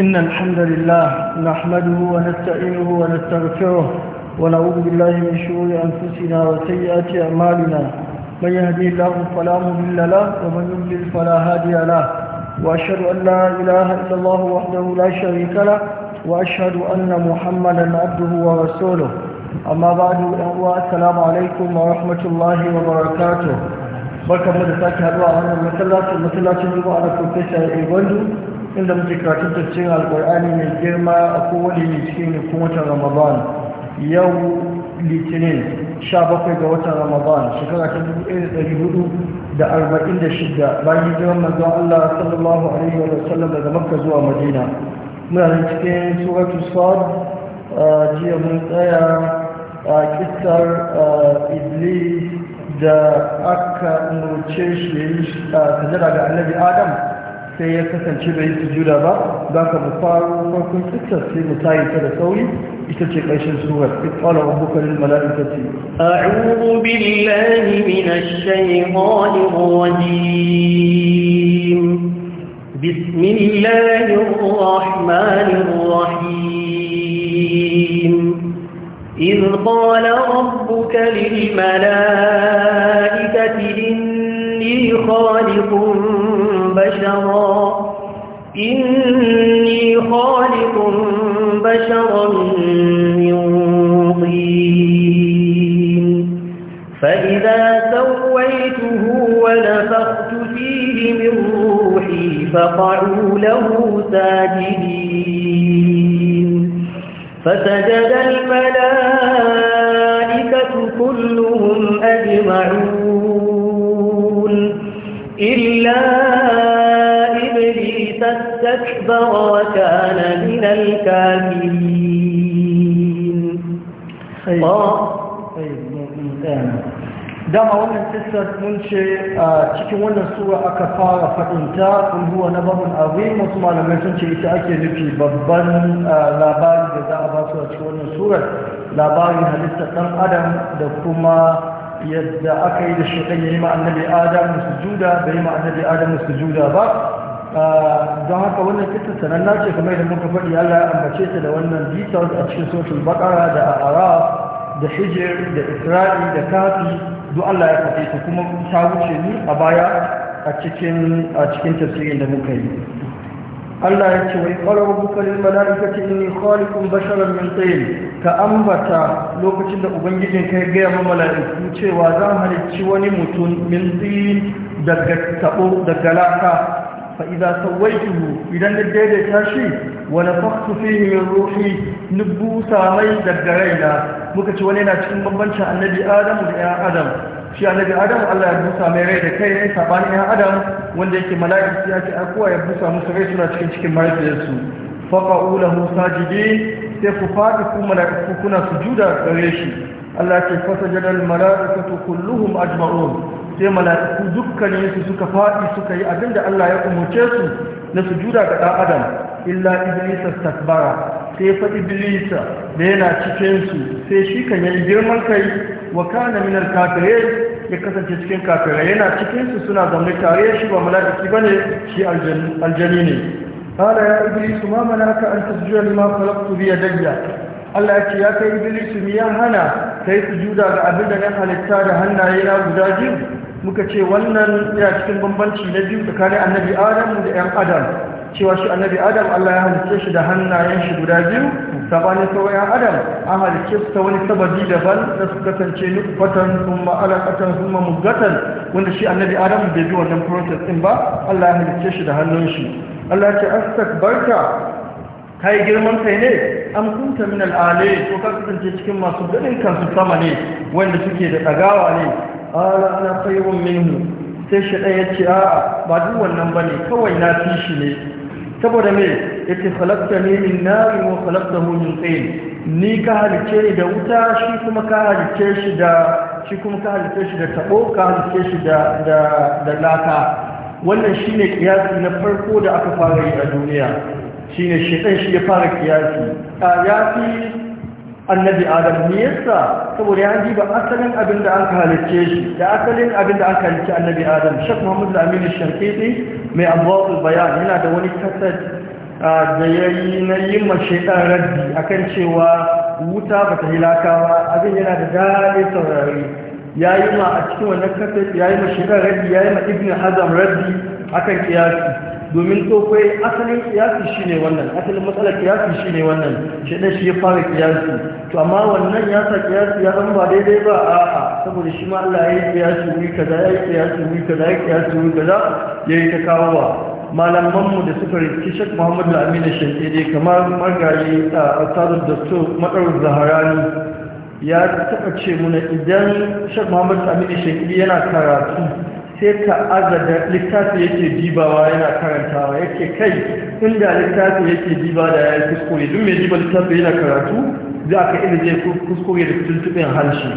إن الحمد لله نحمده ونستعينه ونستغفره ونعوذ بالله من شرور أنفسنا وسيئات أعمالنا من يهدي الله فلا مضل له ومن يضلل فلا هادي له وأشهد أن لا إله إلا الله وحده لا شريك له وأشهد أن محمدا عبده ورسوله أما بعد السلام عليكم ورحمة الله وبركاته barkan mu da sake haduwa a wannan masallacin masallacin juma'a da profesa ya gwandu inda muke karatun cikin alkur'ani mai girma a kowane cikin ne kuma watan ramadan yau litinin 17 ga watan ramadan shekara ta 1446 bayan girman manzon allah sallallahu alaihi wa sallam daga makka zuwa madina muna da cikin suratu sad jiya mun tsaya a kistar iblis da aka nuce shi ne ta sajada ga annabi adam sai ya kasance bai yi sujuda ba za ka mu faru farkon sitar sai mu tayi ta da sauri ita ce ƙarshen surar ƙwala wa bukarin mala'ikati a'udhu billahi minash shaytanir rajim bismillahir rahmanir rahim إذ قال ربك للملائكة إن إني خالق بشرا إني خالق بشرا من طين فإذا سويته ونفخت فيه من روحي فقعوا له ساجدين فسجد الملائكة كلهم أجمعون الكافرين dama wannan sisters mun ce a cikin wannan sura aka fara faɗinta kun huwa na babin abin wasu malamai sun ce ita ake nufi babban labari da za a ba su a cikin wannan surar labarin halittar ɗan adam da kuma yadda aka yi da shekai ya yi ma'annabi adam juda bai yi ma'annabi adam sujuda ba Ah, don haka wannan kitan sananna ce kamar da muka faɗi Allah ya ambace ta da wannan details a cikin social bakara da araf da hijir da isra'i da kafi duk Allah ya faɗe ta kuma ta wuce ni a baya a cikin a tafsirin da muka yi Allah ya ce wai qala rabbuka lil malaikati inni khaliqun basharan min tin ka ambata lokacin da ubangijin kai ga yamma mala'iku cewa zan halicci wani mutum min tin daga tabo daga laka فإذا سويته إذا نديد تاشي ونفخت فيه من روحي نبوسا مي دقرينا مكتش ولينا تكون ببنشا النبي آدم وإيا آدم shi annabi adam Allah ya busa mai rai da kai ne sabanin ya adam wanda yake mala'iki ya ce akuwa ya busa musu rai suna cikin cikin mahaifiyarsu faqa'u lahu sajidin sai ku fadi ku mala'iku kuna sujuda gare shi Allah ce fasajada almala'ikatu kulluhum ajma'un sai mala'iku dukkanin su suka fadi suka yi abinda Allah ya umurce su na sujuda ga dan adam illa iblis astakbara sai fa iblis da yana cikin su sai shi kan yi girman kai wa kana min alkafirin ya kasance cikin kafirai yana cikin su suna zaune tare shi ba mala'iki bane shi aljani ne قال يا إبليس ما منعك أن تسجد لما خلقت بيدي Allah ce ya kai Iblisu ya hana kai sujuda ga abin da na halitta da hannaye na guda biyu muka ce wannan yana cikin bambanci na biyu tsakanin annabi adam da yan adam cewa shi annabi adam Allah ya halitta shi da hannayen shi guda biyu sabanin sauran yan adam an halitta su ta wani sababi daban da su kasance nufatan kuma alaƙatan kuma mugatan wanda shi annabi adam bai bi wannan process din ba Allah ya halitta shi da hannun shi Allah ya ce barka kai girman kai ne an kunta min al'ale ko ka kasance cikin masu ganin kansu sama ne wanda suke da tsagawa ne ala ana khairun minhu sai shi dan yace a ba duk wannan bane kawai na fi shi ne saboda me yace ne min nari wa khalaqtahu min tin ni ka halice ni da wuta shi kuma ka halice shi da shi kuma ka halice shi da tabo ka halice shi da da da laka wannan shine kiyasi na farko da aka fara yi a duniya shine shedan shi ya fara kiyasi fi annabi adam ne yasa saboda ya ji ba asalin abin da an kalice shi da asalin abin da aka kalice annabi adam shek muhammad aminu amin mai abuwa bayan yana da wani kasar da yayi na yin ma shedan raddi akan cewa wuta ba ta hilaka ba abin yana da dare saurari Ya yi ma a cikin wannan ya yi ma shedan raddi yi ma ibn hazam raddi akan kiyasi domin tsokwai asalin kiyasi shi ne wannan asalin matsalar kiyasi shi ne wannan shi ɗan shi ya fara kiyasi to amma wannan ya sa kiyasi ya zama ba daidai ba a'a saboda shi ma Allah ya yi kiyasi wuri kaza ya yi kiyasi wuri kaza ya yi kiyasi wuri kaza ya yi ta kawowa malamanmu da suka rikici shek muhammadu aminu dai kamar margayi a tsarin su matsalar zaharani ya taɓa ce muna idan shek muhammadu aminu shankede yana karatu sai ka azada littafi yake dibawa yana karantawa yake kai inda littafi yake diba da ya yi kuskure duk mai diba littafi yana karatu za ka ina zai kuskure da tuntuɓin harshe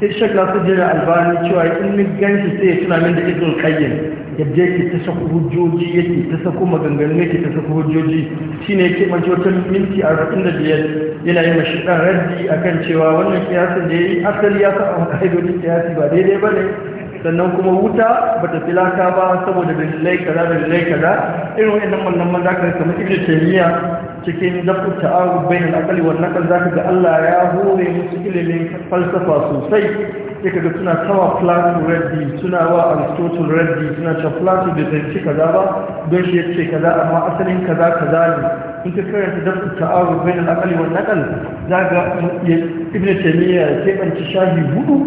sai shakla su jira albani cewa in ganshi sai ya tuna min da izin kayyin yadda yake ta saku hujjoji yake ta saku maganganu yake ta saku hujjoji ne yake manci wata minti arba'in da biyar yana yi mashi ɗan raddi akan cewa wannan kiyasin da ya yi asali ya sa a ka'idodin kiyasi ba daidai ba ne sannan kuma wuta ba ta filata ba saboda dalilai kaza da dalilai kaza irin wannan wannan man zaka samu ibnu taymiya cikin dafu ta'aruf bainal aqli wal naql zaka ga Allah ya hore musu ilimin falsafa sosai sai ga suna tawa Plato raddi suna wa Aristotle raddi suna cewa Plato bai zanci kaza ba don shi yace kaza amma asalin kaza kaza ne in ka karanta dafu ta'aruf bainal aqli wal naql zaka ibnu taymiya ya kebanci shahi hudu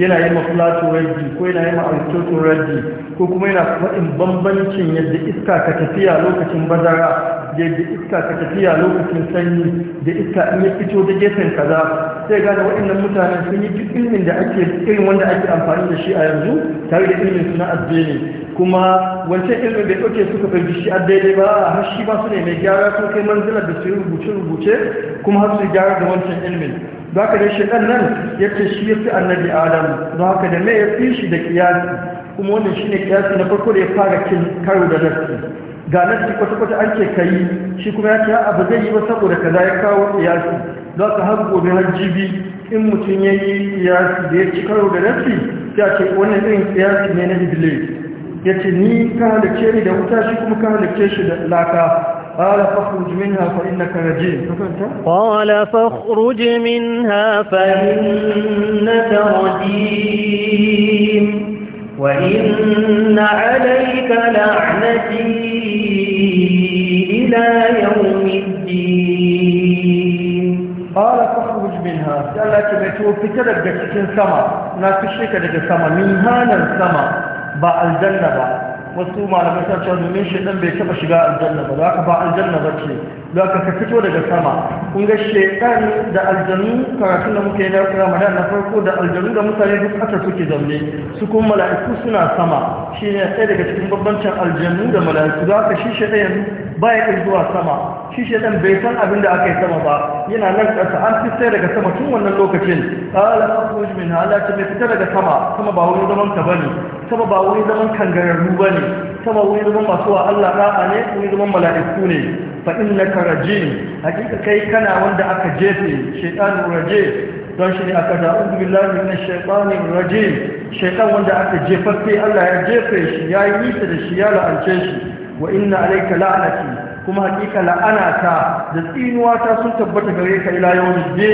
yana yi ma flato raji ko yana yi ma aristotle raji ko kuma yana faɗin bambancin yadda iska ka tafiya lokacin bazara yadda iska ka tafiya lokacin sanyi da iska in ya fito da gefen kaza sai gane waɗannan mutane sun yi duk ilimin da ake irin wanda ake amfani da shi a yanzu tare da ilimin suna addini kuma wancan ilimin bai ɗauke suka fahimci shi daidai ba a hashi ba su ne mai gyara sun kai manzilar da su yi rubuce-rubuce kuma har su gyara da wancan ilimin za ka da shi ɗan nan ya shi ya fi annabi adam don haka da mai ya fi shi da kiyasi kuma wannan shi ne kiyasi na farko da ya fara kin karo da nasi ga nasi kwata-kwata an ce ka shi kuma ya ce abu zai yi ba saboda kaza ya kawo kiyasi za ka har gobe har jibi in mutum ya yi kiyasi da ya ci karo da nasi ya ce wannan irin kiyasi ne na hibile. ya ni ka halicce ni da wuta shi kuma ka halicce shi da laka قال فاخرج منها فإنك رجيم قال فاخرج منها فإنك رجيم وإن عليك لعنتي إلى يوم الدين قال فاخرج منها سألت بيتو في تلقى سما لا تشرك لك سما منها هذا بعد الجنة بعد wasu malamai ta cewa domin shi ɗan bai taɓa shiga aljanna ba za ka ba aljanna ba ce da aka ka fito daga sama kun ga shekaru da aljanu karatun da muka yi na ramadan na farko da aljanu da mutane duk aka suke zaune su kuma mala'iku suna sama shi ne ɗaya daga cikin bambancin aljanu da mala'iku za ka shi shaɗa yanzu baya ɗin zuwa sama shi ɗan bai san abin da aka yi sama ba yana nan ƙasa an fi sai daga sama tun wannan lokacin ƙala akwai min halatta mai fita daga sama sama ba wani zaman ka bane sama ba wani zaman kangararru bane sama wani zaman masu wa Allah ɗa'a ne wani zaman mala'iku ne fa innaka rajim hakika kai kana wanda aka jefe shaytanu raje don shi ne aka da a'udhu billahi minash shaitanir rajim shaytan wanda aka jefe sai Allah ya jefe shi ya yi nisa da shi ya la'ance shi wa inna alayka la'nati kuma hakika la'ana ta da tsinuwa ta sun tabbata gare ka ila yau je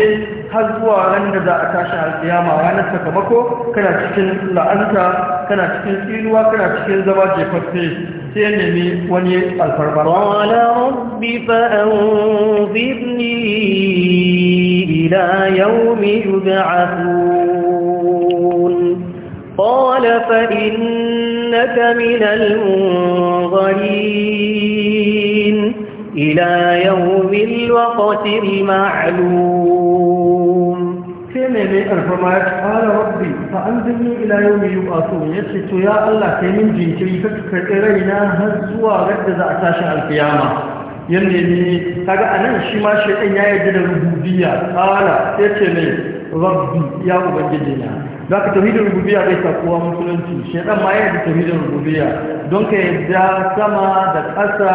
har zuwa ran da za a tashi alƙiyama ranar sakamako kana cikin la'anta kana cikin tsinuwa kana cikin zama jefaffe sai ya nemi wani alfarma qala rabbi fa anzirni ila yawmi yub'athun qala fa innaka min al-munzirin إلى يوم الوقت المعلوم كمن الفمات قال ربي فأنزلني إلى يوم يبعثون يسكت يا الله كمن جنكري فكرينا هزوا رد زعتاش القيامة yannemi kaga anan shi ma shi ya yarda da rububiyya qala yace mai, rabbi ya ubangiji na za ka da rububiya bai kowa musulunci shaidan ma yana da da rububiya don ka yadda sama da ƙasa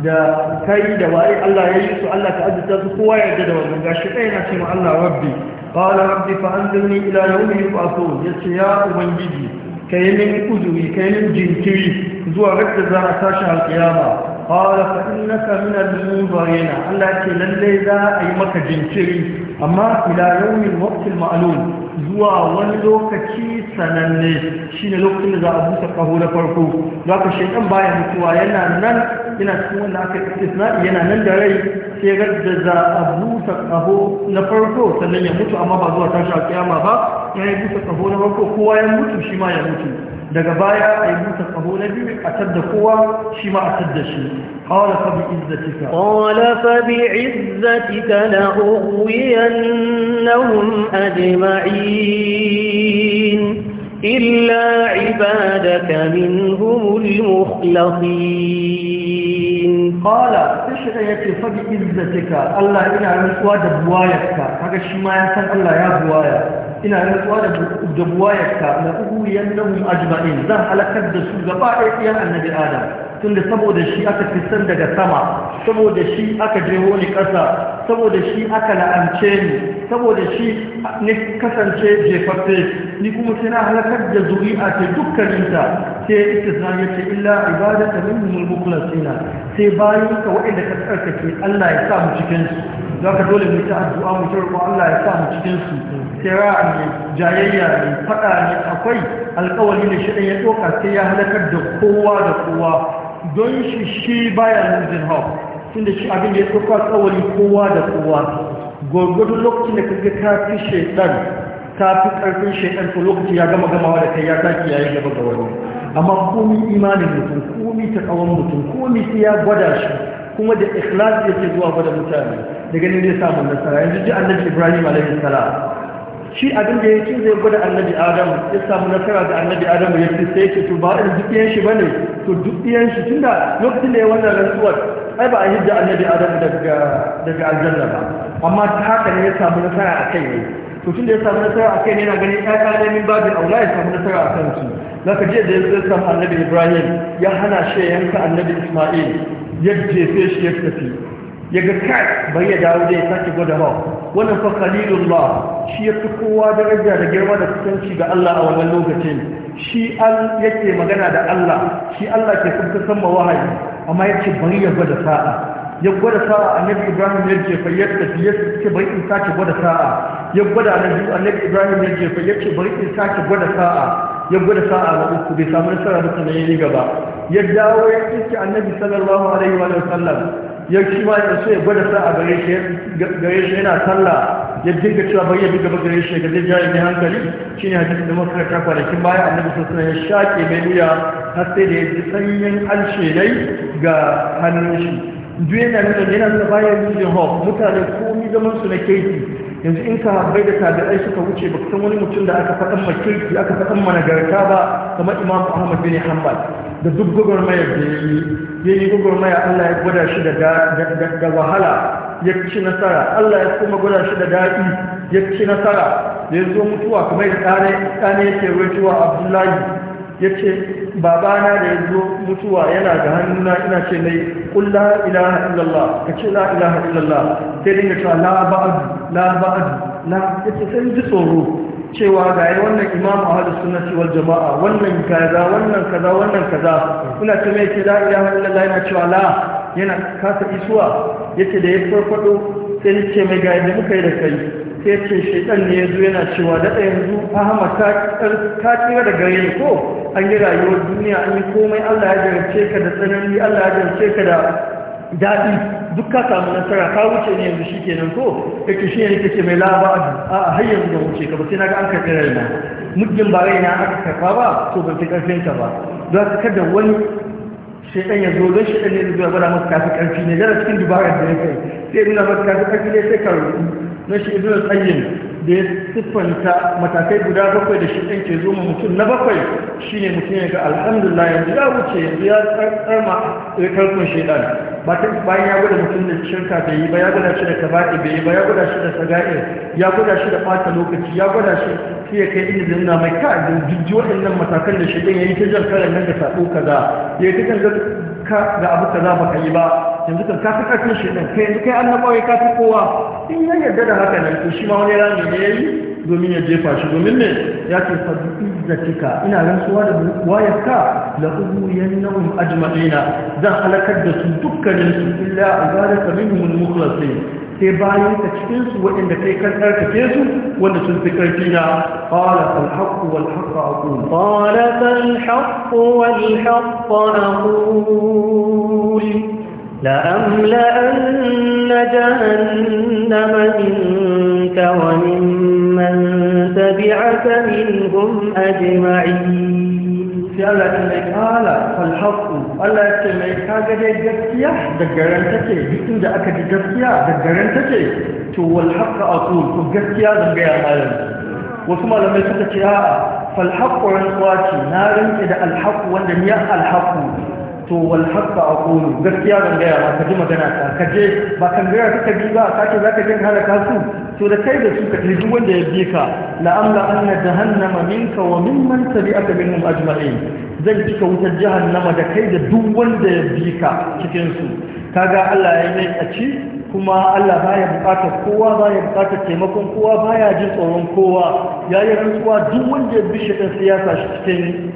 da kai da waye Allah ya yi su Allah ta azurta su kowa ya yarda da wannan gashi ɗaya na ce ma Allah rabbi qala rabbi fa anzilni ila yawmi yub'athun yace ya ubangiji kai min uzuri kai min jinkiri zuwa radda za a tashi alƙiyama qala fa innaka min al-munzirin Allah ce lallai za a yi maka jinkiri amma ila yawmin waqtil ma'lum zuwa wani lokaci sananne shine lokacin da za a busa kaho na farko ka shaytan baya mutuwa yana nan yana cikin wanda aka istisna yana nan da rai sai da za a busa kaho na farko sannan ya mutu amma ba zuwa tashi a kiyama ba ya busa kaho na farko kowa ya mutu shi ma ya mutu daga baya ay yi busa kaho na biyu a tadda kowa shi ma a tadda shi qala fa bi izzatika qala fa bi izzatika la ughwiyannahum ajma'in illa ibadaka minhum al-mukhlasin qala shi da yake fa bi izzatika Allah ina rantsuwa da buwayarka kaga shi ma ya san Allah ya buwaya ina rantsuwa da buwayarka na uku yannahum ajma'in zan halakar da su gaba ɗaya annabi adam tunda saboda shi aka fitan daga sama saboda shi aka jeho ni ƙasa saboda shi aka la'ance ni saboda shi ni kasance jefaffe ni kuma sai na halakar da zuri'a ta dukkaninta sai ita ya ce illa ibada minhum al-mukhlasina sai bayan ka waɗanda ka tsarkake Allah ya sa mu cikinsu. Za zaka dole mu ta addu'a mu ta Allah ya sa mu cikinsu. istira'a ne jayayya ne faɗa ne akwai alƙawari da shi ya ɗoka sai ya halakar da kowa da kowa don shi shi baya losing hau. tun da shi abin da ya ɗoka alkawali kowa da kowa gwargwadon lokacin da kaga ka fi shaidan ta fi ƙarfin shaidan ko lokaci ya gama gamawa da kai ya tafi ya yi gaba ga wani amma komi imanin mutum komi ta tsawon mutum komi sai ya gwada shi kuma da ikhlas yake zuwa gwada mutane Daga ganin zai samu nasara yanzu ji annabi ibrahim alaihi salam shi abin da ya ce zai gwada annabi adam ya samu nasara da annabi adam ya ce sai ce to ba duk dukiyan shi ne, to dukiyan shi tunda lokacin da ya wannan rantsuwar ai ba a da annabi adam daga daga aljanna ba amma ta haka ne ya samu nasara a kai ne to da ya samu nasara a kai ne yana ganin ƴaƴa ne min babin aula ya samu nasara a kan su ka je da ya samu annabi ibrahim ya hana shi yanka annabi isma'il ya jefe shi ya tafi ya ga kai bai ya dawo da ya sake gwada ba wannan fa khalilullah shi ya fi kowa daraja da girma da kusanci ga Allah a wannan lokacin shi an yake magana da Allah shi Allah ke kusantar ma wahayi amma yace bari ya gwada sa'a ya gwada sa'a annabi Ibrahim ya ce fayyata ya ce bari in sake gwada sa'a ya gwada annabi Ibrahim ya ce fayyata bari in sake gwada sa'a ya gwada sa'a na uku bai samu nasara da sanayi gaba ya dawo ya iske annabi sallallahu alaihi wa sallam ya shi ma ya so ya gwada sa a gare shi yana talla ya dinga cewa bai ya dinga ba gare shi ga zai jari ne hankali shine hadisin da muka karanta kwanakin baya annabi sallallahu alaihi ya shake mai wuya har sai da ya ji sanyin alshe dai ga hannun shi duk yana nuna yana nuna bayan losing hof mutane komi zaman su na kirki yanzu in ka bai da tabi'ai suka wuce ba san wani mutum da aka faɗan ma kirki aka faɗan ma nagarta ba kamar imam ahmad bin hanbal da duk gwagwarmayar da ya yi ya yi gugurmaya Allah ya gwada shi da wahala ya ci nasara Allah ya kuma gwada shi da daɗi ya ci nasara da ya zo mutuwa kuma ya tsane yake rutuwa abdullahi ya ce babana da ya zo mutuwa yana ga hannuna ina ce mai kulla ilaha illallah ka ce la ilaha illallah sai dinga cewa la ba'adu la ba'adu la ya ce sai ji tsoro cewa ga yi wannan imamu hada suna cewar jama'a wannan kaza wannan kaza wannan kaza kuna ta mai ce la ilaha illallah yana cewa la yana kasa isuwa yace da ya farfado sai ni ce mai ga yadda muka yi da kai sai ce shaitan ne ya zo yana cewa da yanzu ahmad ta tsira da gare ko an yi rayuwar duniya an yi komai Allah ya jarce ka da tsanani Allah ya jarce ka da daɗi duk ka samu nasara ka wuce ne yanzu shi kenan ko kake shi ne kake mai laba a har yanzu da wuce ka ba sai na ga an karɓi raina muddin ba raina aka karɓa ba to ban fi ƙarfin ka ba za ka kada wani shaidan ya zo don shaidan ne zuwa gwada masu kafi ƙarfi ne yana cikin dubarar da ya kai sai nuna masu kafi ƙarfi ne sai ka rubu na shi ibn al da ya siffanta matakai guda bakwai da shaidan ke zo ma mutum na bakwai shine mutum ya ga alhamdulillah yanzu ya wuce yanzu ya tsarma ya karkon shaidan bayan ya gwada mutum da shirka bai yi ba ya gwada shi da kaba'i bai yi ba ya gwada shi da saga'ir ya gwada shi da ɓata lokaci ya gwada shi sai ya kai inda na mai ka da jirgin waɗannan matakan da shaɗin ya yi ta jan karan nan da saɓo kaza ya yi ta ka ga abu kaza ba ka yi ba yanzu kan kafin ƙarfin shaɗin kai yanzu kai annabawai kafin kowa in ya yarda da haka nan to shi ma wani rami ne ya yi domin ya jefa shi domin ne ya ce fadin da ina rantsuwa da wayarka la ubuyan nawm ajma'ina zan halakar da su dukkanin su illa azalaka minhum al-mukhlasin sai bayan ka cikin su waɗanda kai kan tsarkake su wanda sun fi karfi na qala fal haqqu wal haqqu aqul qala fal haqqu wal haqqu aqul لأملأن جهنم منك ومن من تبعك منهم أجمعين فعلا إنك Allah mai kaga dai gaskiya da take duk inda aka ji gaskiya da garan take to gaskiya ya malam wasu malamai suka ce a ah, fal rantsuwa ce na rantsa da alhaku wanda ni al to wal haqqa aqulu gaskiya ban gaya ba ka ji magana ta ka je ba kan gaya ka bi ba ka ce zaka jin halaka su to da kai da su ka ji wanda ya bika. ka la amla anna jahannama minka wa mimman tabi'aka minhum ajma'in zan cika wutar jahannama da kai da duk wanda ya bi ka cikin su kaga Allah ya yi a ci kuma Allah baya bukatar kowa baya bukatar taimakon kowa baya jin tsoron kowa ya yi rantsuwa duk wanda ya bishe ɗan siyasa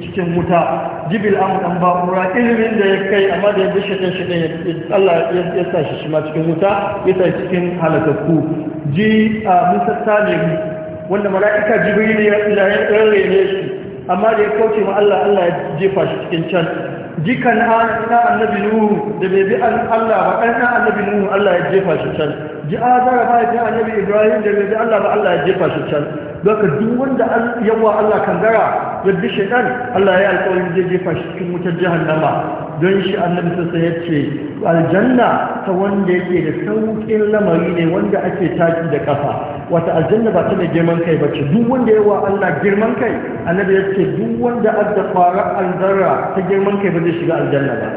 cikin wuta jibil an ba kura ilimin da ya kai amma da ya bishe ɗan shi ɗan Allah ya sa shi shi ma cikin wuta ya sa cikin halakakku ji a musa salimu wanda mala'ika jibril ya ne shi amma da ya kauce ma Allah Allah ya jefa shi cikin can jikan na annabi nuhu da bai bi Allah ba ɗan annabi nuhu Allah ya jefa shi can ji azara mahaifin annabi ibrahim da bai Allah ba Allah ya jefa shi can doka duk wanda yawa Allah kangara ya bi shaitan Allah ya alƙawarin zai jefa shi cikin wutar jahannama don shi annabi sassa ya ce aljanna ta wanda yake da sauƙin lamari ne wanda ake taki da kafa wata aljanna ba ta da girman kai ba ce duk wanda yawa Allah girman kai annabi ya ce duk wanda adda fara alzara ta girman kai ba zai shiga aljanna ba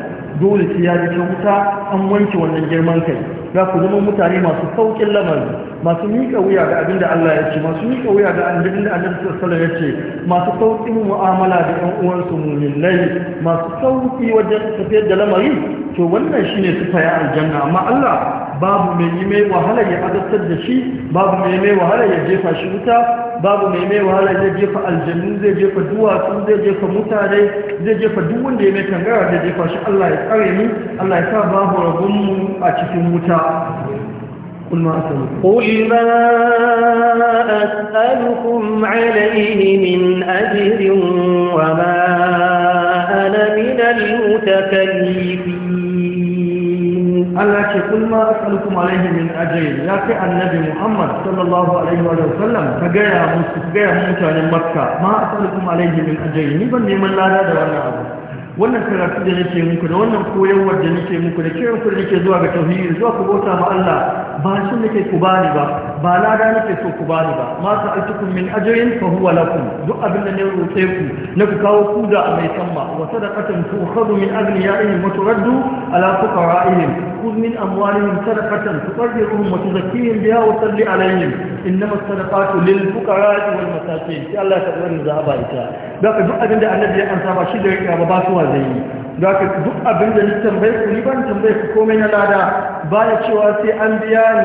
dole sai ya ji ta wuta an wanke wannan girman kai za ku zama mutane masu saukin lamari masu miƙa wuya ga abinda da Allah ya ce masu miƙa wuya ga abin da Annabi sallallahu ya ce masu sauƙin mu'amala da ƴan uwansu mu'minai masu sauƙi wajen tafiyar da lamari to wannan shi ne suka yi aljanna amma Allah babu mai mai wahala ya adattar da shi babu mai mai wahala ya jefa shi wuta babu mai mai wahala ya jefa aljannu zai jefa duwatsu zai jefa mutane zai jefa duk wanda ya mai tangara zai jefa shi Allah ya tsare ni, Allah ya sa babu rabon mu a cikin wuta قل ما أسألكم قل ما أسألكم عليه من أجر وما أنا من المتكلفين Allah ce kun ma as'alukum alaihi min ajrin ya kai annabi Muhammad sallallahu alaihi wa sallam ka gaya musu ka gaya mutanen Makka ma as'alukum alaihi min ajrin ni ban neman lada da wannan abu wannan karatu da nake muku da wannan koyarwar da nake muku da kiran ku da nake zuwa ga tauhidi zuwa ku bauta ma Allah ba shi nake ku bani ba ba lada nake so ku bani ba ma sa'altukum min ajrin fa huwa lakum duk abin da ne roƙe ku na ku kawo ku da mai sama wa sadaqatan tu'khadhu min aghniyaihim wa turaddu ala fuqara'ihim khudh min amwalihim sadaqatan tuqarriruhum wa tuzakkihim biha wa salli alaihim innama as-sadaqatu lil fuqara'i wal masakin sai Allah ya tabbata zaba ita da duk abin da annabi ya ansa ba shi da ya ba ba su zai yi za ka duk abin da nitan bai ku ni ban tambaye ku komai na lada ba ya cewa sai an biya ni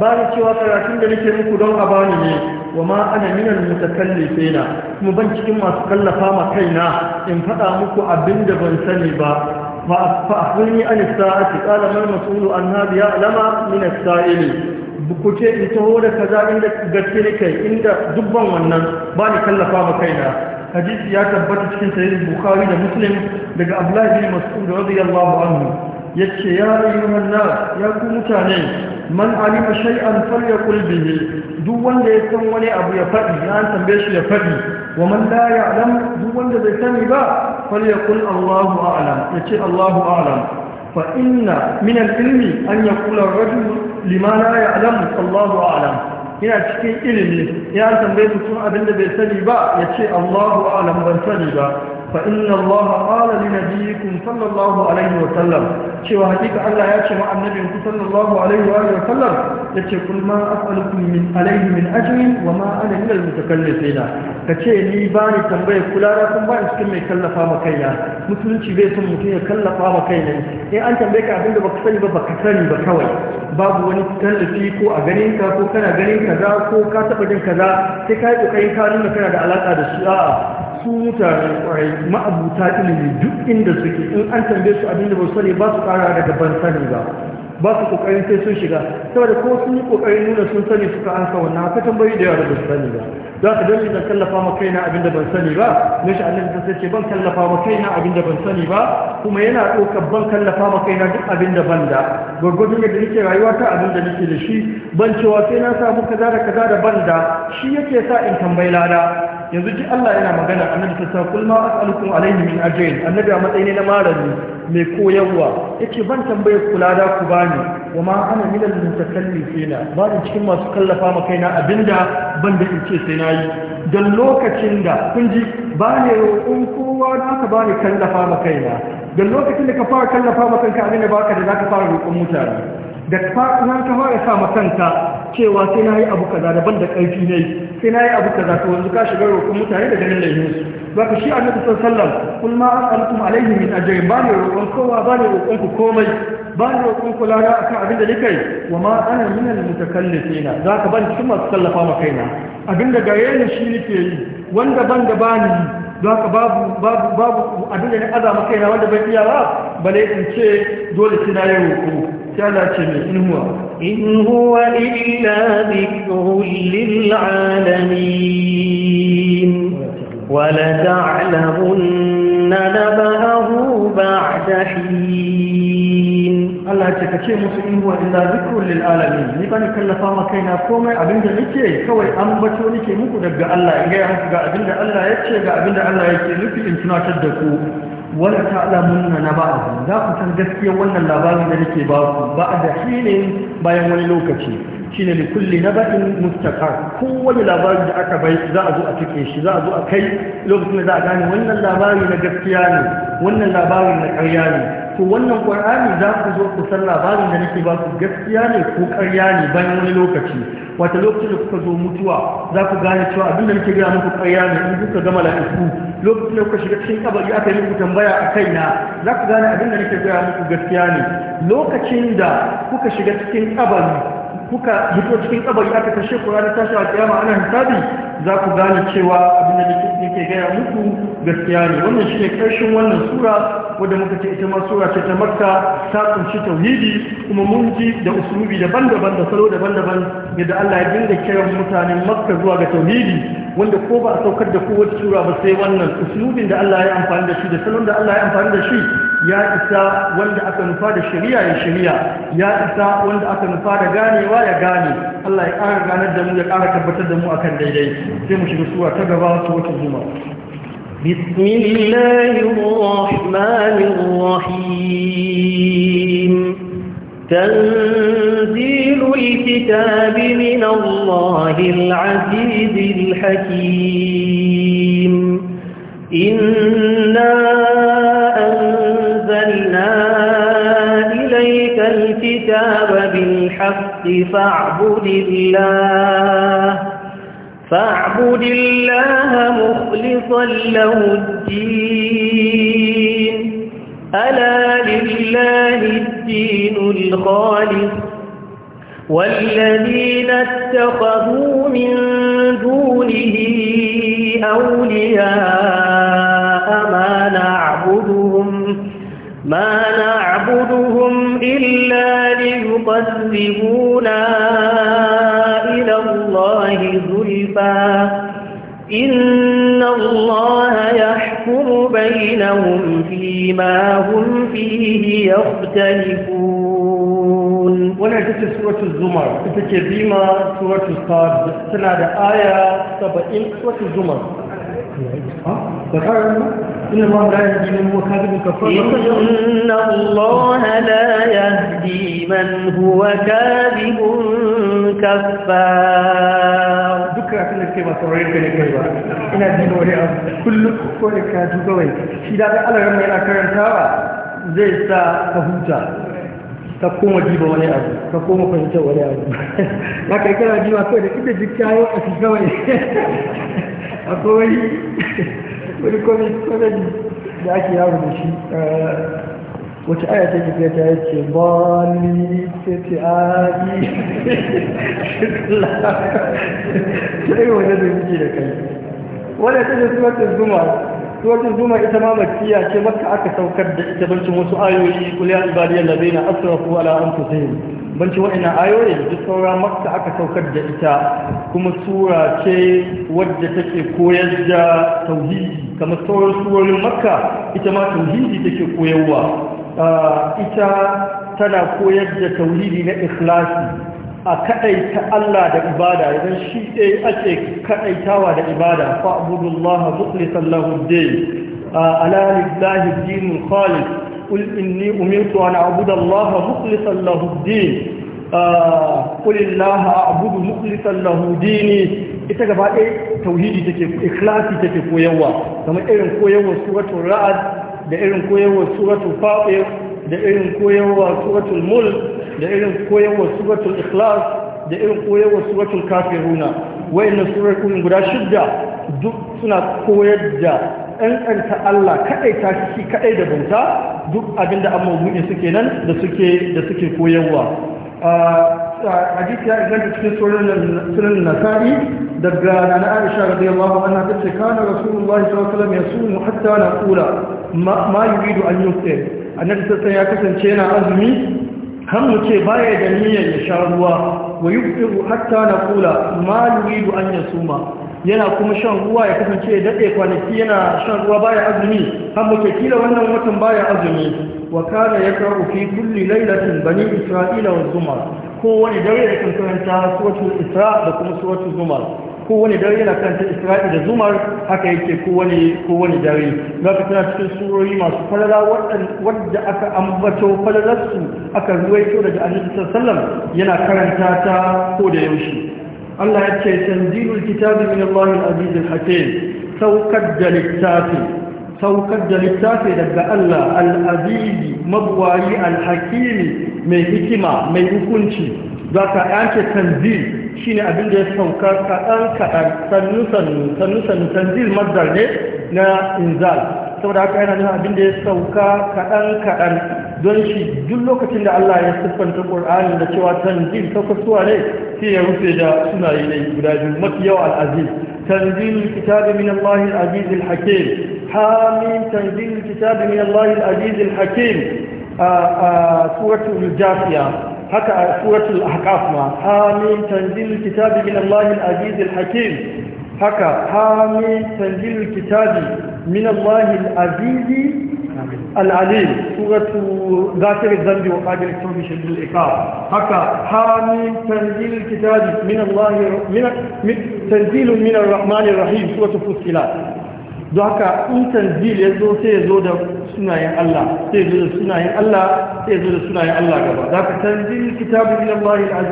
ba ya cewa karatun da nake muku don a bani ne wa ma ana minan mutakallifina kuma ban cikin masu kallafa ma kaina in faɗa muku abin da ban sani ba Fa man masulu an hadi ya lama min as-sa'ili Ku ce in taho da kaza inda gaske kai inda dubban wannan ba ni kallafa ba kaina hadisi ya tabbata cikin sahihin bukhari da muslim daga abdullahi bin mas'ud radiyallahu anhu yace ya ayyuhan nas ya ku mutane man alima shay'an falyakul bihi duk wanda ya san wani abu ya faɗi na tambaye shi ya faɗi wa man la ya'lam duk wanda bai sani ba falyakul Allahu a'lam yace Allahu a'lam fa inna min al-ilmi an yaqula ar-rajulu lima la ya'lam Allahu a'lam yana cikin ilimi ya tambaye mutum abin da bai sani ba ya ce Allahu a'lam ban sani ba فإن الله قال لنبيكم Allah ya ce وسلم شو هديك ألا يأتي مع النبي صلى الله عليه وآله وسلم يأتي كل ما أسألكم من عليه من أجل وما أنا إلا المتكلفين kace ni ba ni tambaye kula na kun ba cikin mai kallafa ma kaina mutunci bai san mutum ya kallafa ma kaina sai an tambaye ka abinda baka sani ba baka sani ba kawai babu wani tallafi ko a ganin ka ko kana ganin kaza ko ka taba jin kaza sai ka yi kokarin ka nuna kana da alaka da shi a'a su mutane kwarai ma'abuta ilimi duk inda suke in an tambaye su abinda ba su sani ba su kara daga ban sani ba ba su kokarin sai sun shiga saboda ko sun yi kokarin nuna sun sani suka ansa wannan ta tambayi da yawa da sani ba za ka dalli zan kallafa ma kaina abin da ban sani ba na shi annabi ta ce ban kallafa ma kaina abin da ban sani ba kuma yana ɗaukar ban kallafa ma kaina duk abin da ban da gwargwadon yadda nake rayuwa ta abin da nake da shi ban cewa sai na samu kaza da kaza da ban da shi yake sa in tambayi lada yanzu ji Allah yana magana annabi ta sa kulma ma as'alukum alayhi min ajrin annabi a matsayin na malami mai koyarwa ce ban tambayar kula da ku bani ne wa ma ana min fina ba babu cikin masu kallafa ma kaina abinda ban da in ce sai nayi dan lokacin da kun ji ba ne roƙon kowa da ka ba ni kallafa ma kaina dan lokacin da ka fara kallafa ma kanka abinda baka da zaka fara roƙon mutane da fa'ina ka fara sa ma kanka cewa sai nayi abu kaza daban da ƙarfi ne sai nayi abu kaza to yanzu ka shiga roƙon mutane da ganin su baka shi annabi sallallahu alaihi wasallam kul ma alaikum alaihi min ajrin ba ne roƙon kowa ba ne roƙon ku komai ba ni roƙon kula na akan abin da nake wa ma ana min al mutakallifina zaka ban cikin masu tallafa ma kaina abin da gare ni shi nake yi wanda ban da bani zaka babu babu babu abin da ni azama kaina wanda bai iya ba bale in ce dole sai na yi roƙo sai Allah ce me in huwa in huwa illa dhikrun lil alamin ولتعلمن نبأه بعد حين Allah ce ka ce musu in huwa illa zikrun lil alamin ni bani kallafa ma kaina komai abinda nake kawai an bato nake muku daga Allah in ga muku ga abinda Allah ya ce ga abinda Allah yake nufi in tunatar da ku wala ta'lamunna naba'ahu za ku san gaskiya wannan labarin da nake ba ku ba da hinin bayan wani lokaci shine li kulli naba'in mustaqar wani labari da aka bai za a zo a cike shi za a zo a kai lokacin da za a gane wannan labari na gaskiya ne wannan labari na ƙarya ne to wannan qur'ani za ku zo ku san labarin da nake ba ku gaskiya ne ko ƙarya ne bayan wani lokaci wata lokacin da kuka zo mutuwa za ku gane cewa abin da nake gaya muku ƙarya ne in kuka gama mala'iku lokacin da kuka shiga cikin kabari aka yi muku tambaya a kaina za ku gane abin da nake gaya muku gaskiya ne lokacin da kuka shiga cikin kabari kuka fito cikin kabari aka kashe ku da tashi a kiyama ana hisabi za ku gane cewa abin da nake gaya muku gaskiya ne wannan shi ne ƙarshen wannan sura wadda muka ce ita ma sura ce ta makka ta kunshi tauhidi kuma mun ji da usulubi daban-daban da salo daban-daban yadda Allah ya dinga kiran mutanen makka zuwa ga tauhidi wanda ko ba a saukar da kowace sura ba sai wannan usulubin da Allah ya amfani da shi da salon da Allah ya amfani da shi ya isa wanda aka nufa da shari'a ya shari'a ya isa wanda aka nufa da ganewa ya gane Allah ya ƙara ganar da mu ya ƙara tabbatar da mu akan daidai زي مش بسوء تجبع بسم الله الرحمن الرحيم تنزيل الكتاب من الله العزيز الحكيم إنا أنزلنا إليك الكتاب بالحق فاعبد الله فاعبد الله مخلصا له الدين ألا لله الدين الخالص والذين اتخذوا من دونه أولياء ما نعبدهم ما نعبدهم إلا ليقذبونا إن الله يحكم بينهم فيما هم فيه يختلفون وانا تتي سورة الزمر تتي كذيما سورة الصاد سنة آية إن سورة الزمر إن الله لا يهدي من هو كاذب كفار إن الله لا يهدي من هو كاذب كفار karatun da suke ba saurayin ka ne kai ba ina jin wani abu kullum ko da karatu kawai shi da alaran mai na karantawa zai sa ka huta ka koma jiba wani abu ka koma fahimtar wani abu na kai kana jiba kawai da kika ji kayan a cikin kawai akwai wani wani kwamit da ake yaro da shi eh, wata aya ta tafiya ta yi ce bani ta ce abi ta yi wani da yake da kai wadda ta ce suwatun zuma suwatun zuma ita ma makiya ce maka aka saukar da ita bancin wasu ayoyi kuliya ibadiyar labina asrafu ala an fusayin bancin wa'ina ayoyi. duk saura maka aka saukar da ita kuma sura ce wadda take koyar da tauhidi kamar sauran surorin makka ita ma tauhidi take koyarwa ita tana koyar da tauhidi na ikhlasi a kadaita Allah da ibada idan shi ɗaya ake kadaitawa da ibada fa Abudullahi mukhlishan lahu din ala lillahi din khalis qul inni umirtu an a'budallaha mukhlishan lahu din qul illaha a'budu mukhlishan lahu dini ita gaba ɗaya tauhidi take ikhlasi take koyarwa kamar irin koyarwar suratul ra'd da irin koyarwar suratul fatir da irin koyarwar suratul Mul, da irin koyarwar suratul ikhlas da irin koyarwar suratul kafiruna wayannan surorin guda shidda duk suna koyar da ɗanɗanta Allah kaɗai ta shi kaɗai da bauta duk abinda amma mu'in suke nan da suke da suke koyarwa hadisi ya inganta cikin sunan nasari daga nana aisha radiyallahu anha tace kana rasulullahi sallallahu alaihi wasallam yasumu hatta kula. ma yuridu an A nan sassan ya kasance yana azumi har mu ce baya da niyyar ya sha ruwa wa yufiru hatta na kula ma yuridu an yasuma yana kuma shan ruwa ya kasance ya dade kwanaki yana shan ruwa baya azumi har mu ce kila wannan watan baya azumi wa kana yakrahu fi kulli lailatin bani isra'ila wa zumar kowani dare da kan karanta suratul isra da kuma suratul zumar kowane dare yana karanta isra'i da zumar haka yake kowane kowane dare za ka tana cikin surori masu falala wadda aka ambato falalarsu aka ruwaito daga annabi sallam yana karanta ta ko da yaushe Allah ya ce tanzilul kitabi min Allah al-aziz al-hakim saukar da littafi saukar da littafi daga Allah al-aziz mabwayi al-hakim mai hikima mai hukunci za ka yanke tanzil ne abin da ya sauka kaɗan kaɗan sannu sannu sannu sannu tanzil mazdar ne na inzal saboda haka yana nuna abin da ya sauka kaɗan kaɗan don shi duk lokacin da Allah ya siffanta Qur'ani da cewa tanzil saukar ne sai ya rufe da sunaye ne guda biyu mafi yawa al'aziz تنزيل الكتاب من الله العزيز الحكيم حامين تنزيل الكتاب من الله العزيز الحكيم آآ آآ سورة الجافية haka a suratul ahqaf ma amin tanzilul kitabi min Allahil azizil hakim haka amin tanzilul kitabi min Allahil azizil العليم سورة ذاكر الذنب وقابل التوبة شد الإقامة هكا حاميم تنزيل الكتاب من الله من, don haka in tanzil ya zo sai ya zo da sunayen Allah sai ya zo da sunayen Allah sai ya zo da sunayen Allah gaba za ka tanzil kitabu min Allah al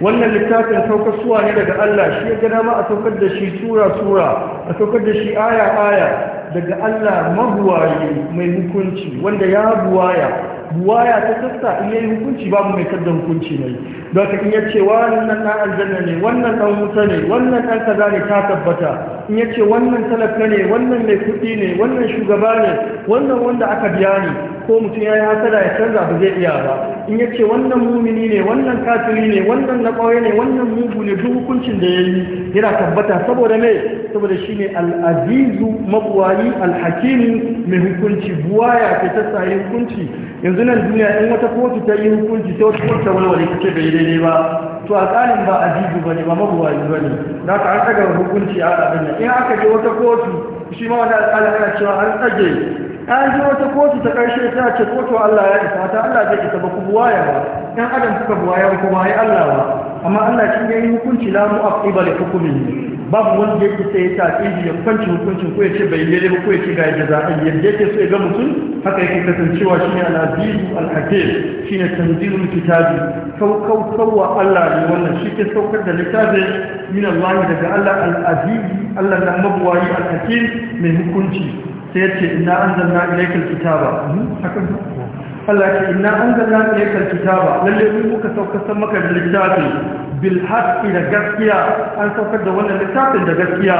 wannan littafin saukar suwa ne daga Allah shi ya gana ma a saukar da shi tura-tura, a saukar da shi aya aya daga Allah mabuwayi mai hukunci wanda ya buwaya buwaya ta sassa in yayi hukunci babu mai kaddan hukunci mai don ka in yace wannan na aljanna ne wannan dan muta ne wannan dan kaza ne ta tabbata in yace wannan talaka ne wannan mai kuɗi ne wannan shugaba ne wannan wanda aka biya ne ko mutum ya yi hasada ya canza ba zai iya ba in ya ce wannan mumini ne wannan kafiri ne wannan na ƙauye ne wannan mugu ne duk hukuncin da ya yi yana tabbata saboda me saboda shi ne al'azizu mabuwayi alhakimi mai hukunci buwaya ke ta sayi hukunci yanzu nan duniya in wata kotu ta yi hukunci ta wata kotu ta walwale ta ce bai daidai ba to a tsarin ba azizu ba ne ba mabuwayi ba ne za ka an ɗaga hukunci a ɗaɗin nan in aka je wata kotu shi ma wani alƙalin ana cewa an tsage an ji wata kotu ta ƙarshe ta ce kotu Allah ya isa ta Allah zai isa ba ku buwaya ba ɗan adam suka buwaya ku ba ya Allah ba amma Allah shi ya yi hukunci la mu'aqiba li hukumin babu wanda yake sai ta tsiji ya kwanci hukuncin ko ya ce bai yi ba ko ya ce ga jaza an yadda yake so ya ga mutum haka yake kasancewa shi ne al-azizu al-hakim ne tanzilul kitabi saukau sauwa Allah ne wannan shi ke saukar da littafin min Allah daga Allah al-aziz Allah na mabuwayi al-hakim mai hukunci sai ina inna anzalna ilayka alkitaba hmm? haka Allah ce inna anzalna ilayka alkitaba lalle mun muka saukar maka da littafi bil haqqi da gaskiya an saukar da wannan littafin da gaskiya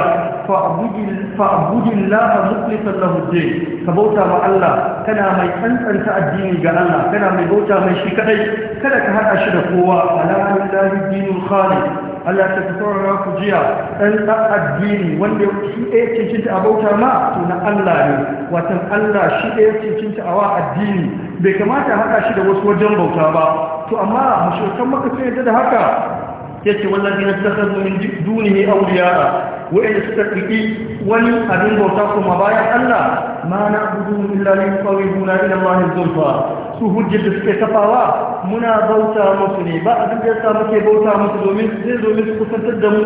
fa abudil fa abudillaha mukhlishan lahu din ka bauta ma Allah kana mai tsantsanta addini ga Allah kana mai bauta mai shi kadai kada ka hada shi da kowa ala lillahi dinul khalis Allah ta fi ku jiya ɗan addini wanda shi ɗaya cincinta a bauta ma to na Allah ne watan Allah shi ɗaya cincinta a wa addini bai kamata haɗa shi da wasu wajen bauta ba to amma mashirkan maka sun yadda da haka yake wallafi na tasar min dunihi auliya'a da suka ɗiɗi wani abin bauta kuma bayan Allah ma na gudu illa ne kawai guna ma ne zulfa su hujjar da suke tafawa muna bauta musu ne ba a duk da yasa muke bauta musu domin zai domin su kusantar da mu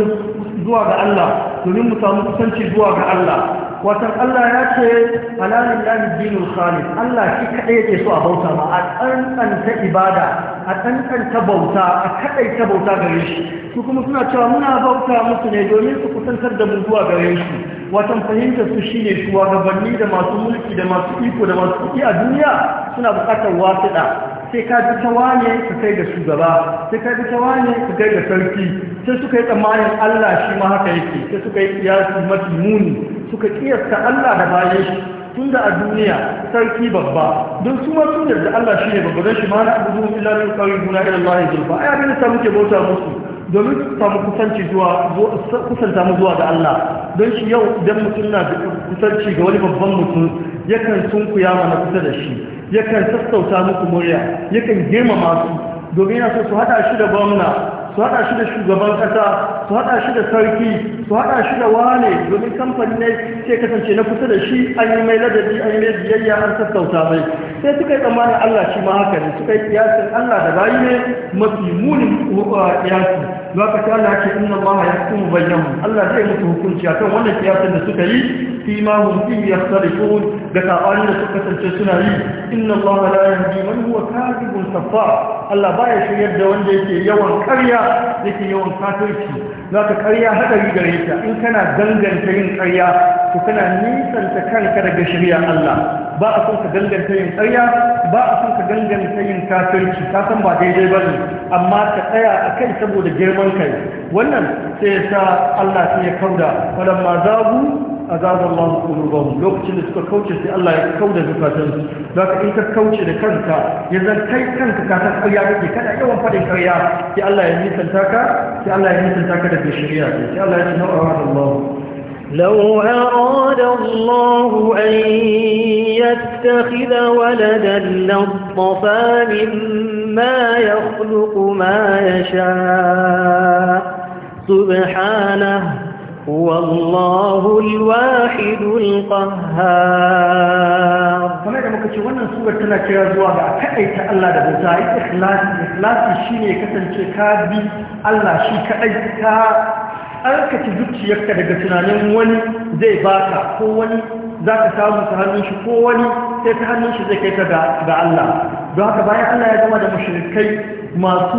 zuwa ga Allah domin mu samu kusanci zuwa ga Allah watan Allah ya ce halalin lahi dinul khalis Allah shi kadai yake so a bauta ma a ta ibada a ta bauta a kadai ta bauta gare shi su kuma suna cewa muna bauta musu ne domin su kusantar da mu zuwa gare shi watan fahimtar su shine shugabanni da masu mulki da masu iko da masu kuɗi a duniya suna buƙatar wasiɗa sai ka bi ta wane ka kai da shugaba sai ka bi ta wane ka kai da sarki sai suka yi tsammanin Allah shi ma haka yake sai suka yi kiyasi mafi muni suka kiyasta Allah da baye shi tun da a duniya sarki babba don su ma yadda Allah shi ne babba don shi ma na abubuwan ilalin kawai guna irin lahin zulfa a abin da muke bauta musu domin su samu kusanci zuwa kusanta mu zuwa ga Allah don shi yau idan mutum na da kusanci ga wani babban mutum yakan sunkuya mana kusa da shi yakan sassauta muku murya yakan girmama su domin yana so su hada shi da gwamna su hada shi da shugaban kasa su haɗa shi da sarki su haɗa shi da wane domin kamfani ne sai kasance na kusa da shi an yi mai ladabi an yi mai biyayya an sassauta mai sai suka yi tsammanin Allah shi ma haka ne suka yi kiyasin Allah da bayi ne mafi munin uh, kiyasi za ka kala ke inna ma ya kuma bayyana Allah zai mutu hukunci akan wannan kiyasin da suka yi fi ma hum fi yastarifun da sabanin da suka kasance suna yi inna Allah la yahdi man huwa kadibun safa Allah baya shiryar da wanda yake yawan karya yake yawan kafirci za ka karya haɗari gare ta in kana danganta yin karya to kana nisanta kanka daga shirya Allah ba a son ka danganta yin karya ba a son ka danganta yin kafirci ka san ba daidai ba ne amma ka tsaya a kai saboda girman kai wannan sai ya sa Allah sai ya kauda walamma zagu أزاد الله قلوبهم لوكش نسكوكش سي الله يكون زفاتهم لك إنك كوش لكنك يزال كي كنك كاتك أو كان أيوان فريق يا سي الله يمي سلتاك سي الله يمي سلتاك لك الشريعة سي الله يتنو أراد الله لو أراد الله أن يتخذ ولدا لاصطفى مما يخلق ما يشاء سبحانه هو الله الواحد القهار kuma da muka ce wannan surar tana kira zuwa ga kaɗaita Allah da bauta ikhlasi ikhlasi shine kasance ka bi Allah shi kaɗai ka tsarkake zuciyarka daga tunanin wani zai baka ko wani za ka samu ta hannun shi ko wani sai ta hannun shi zai kai ka ga Allah don haka bayan Allah ya zama da mushrikai masu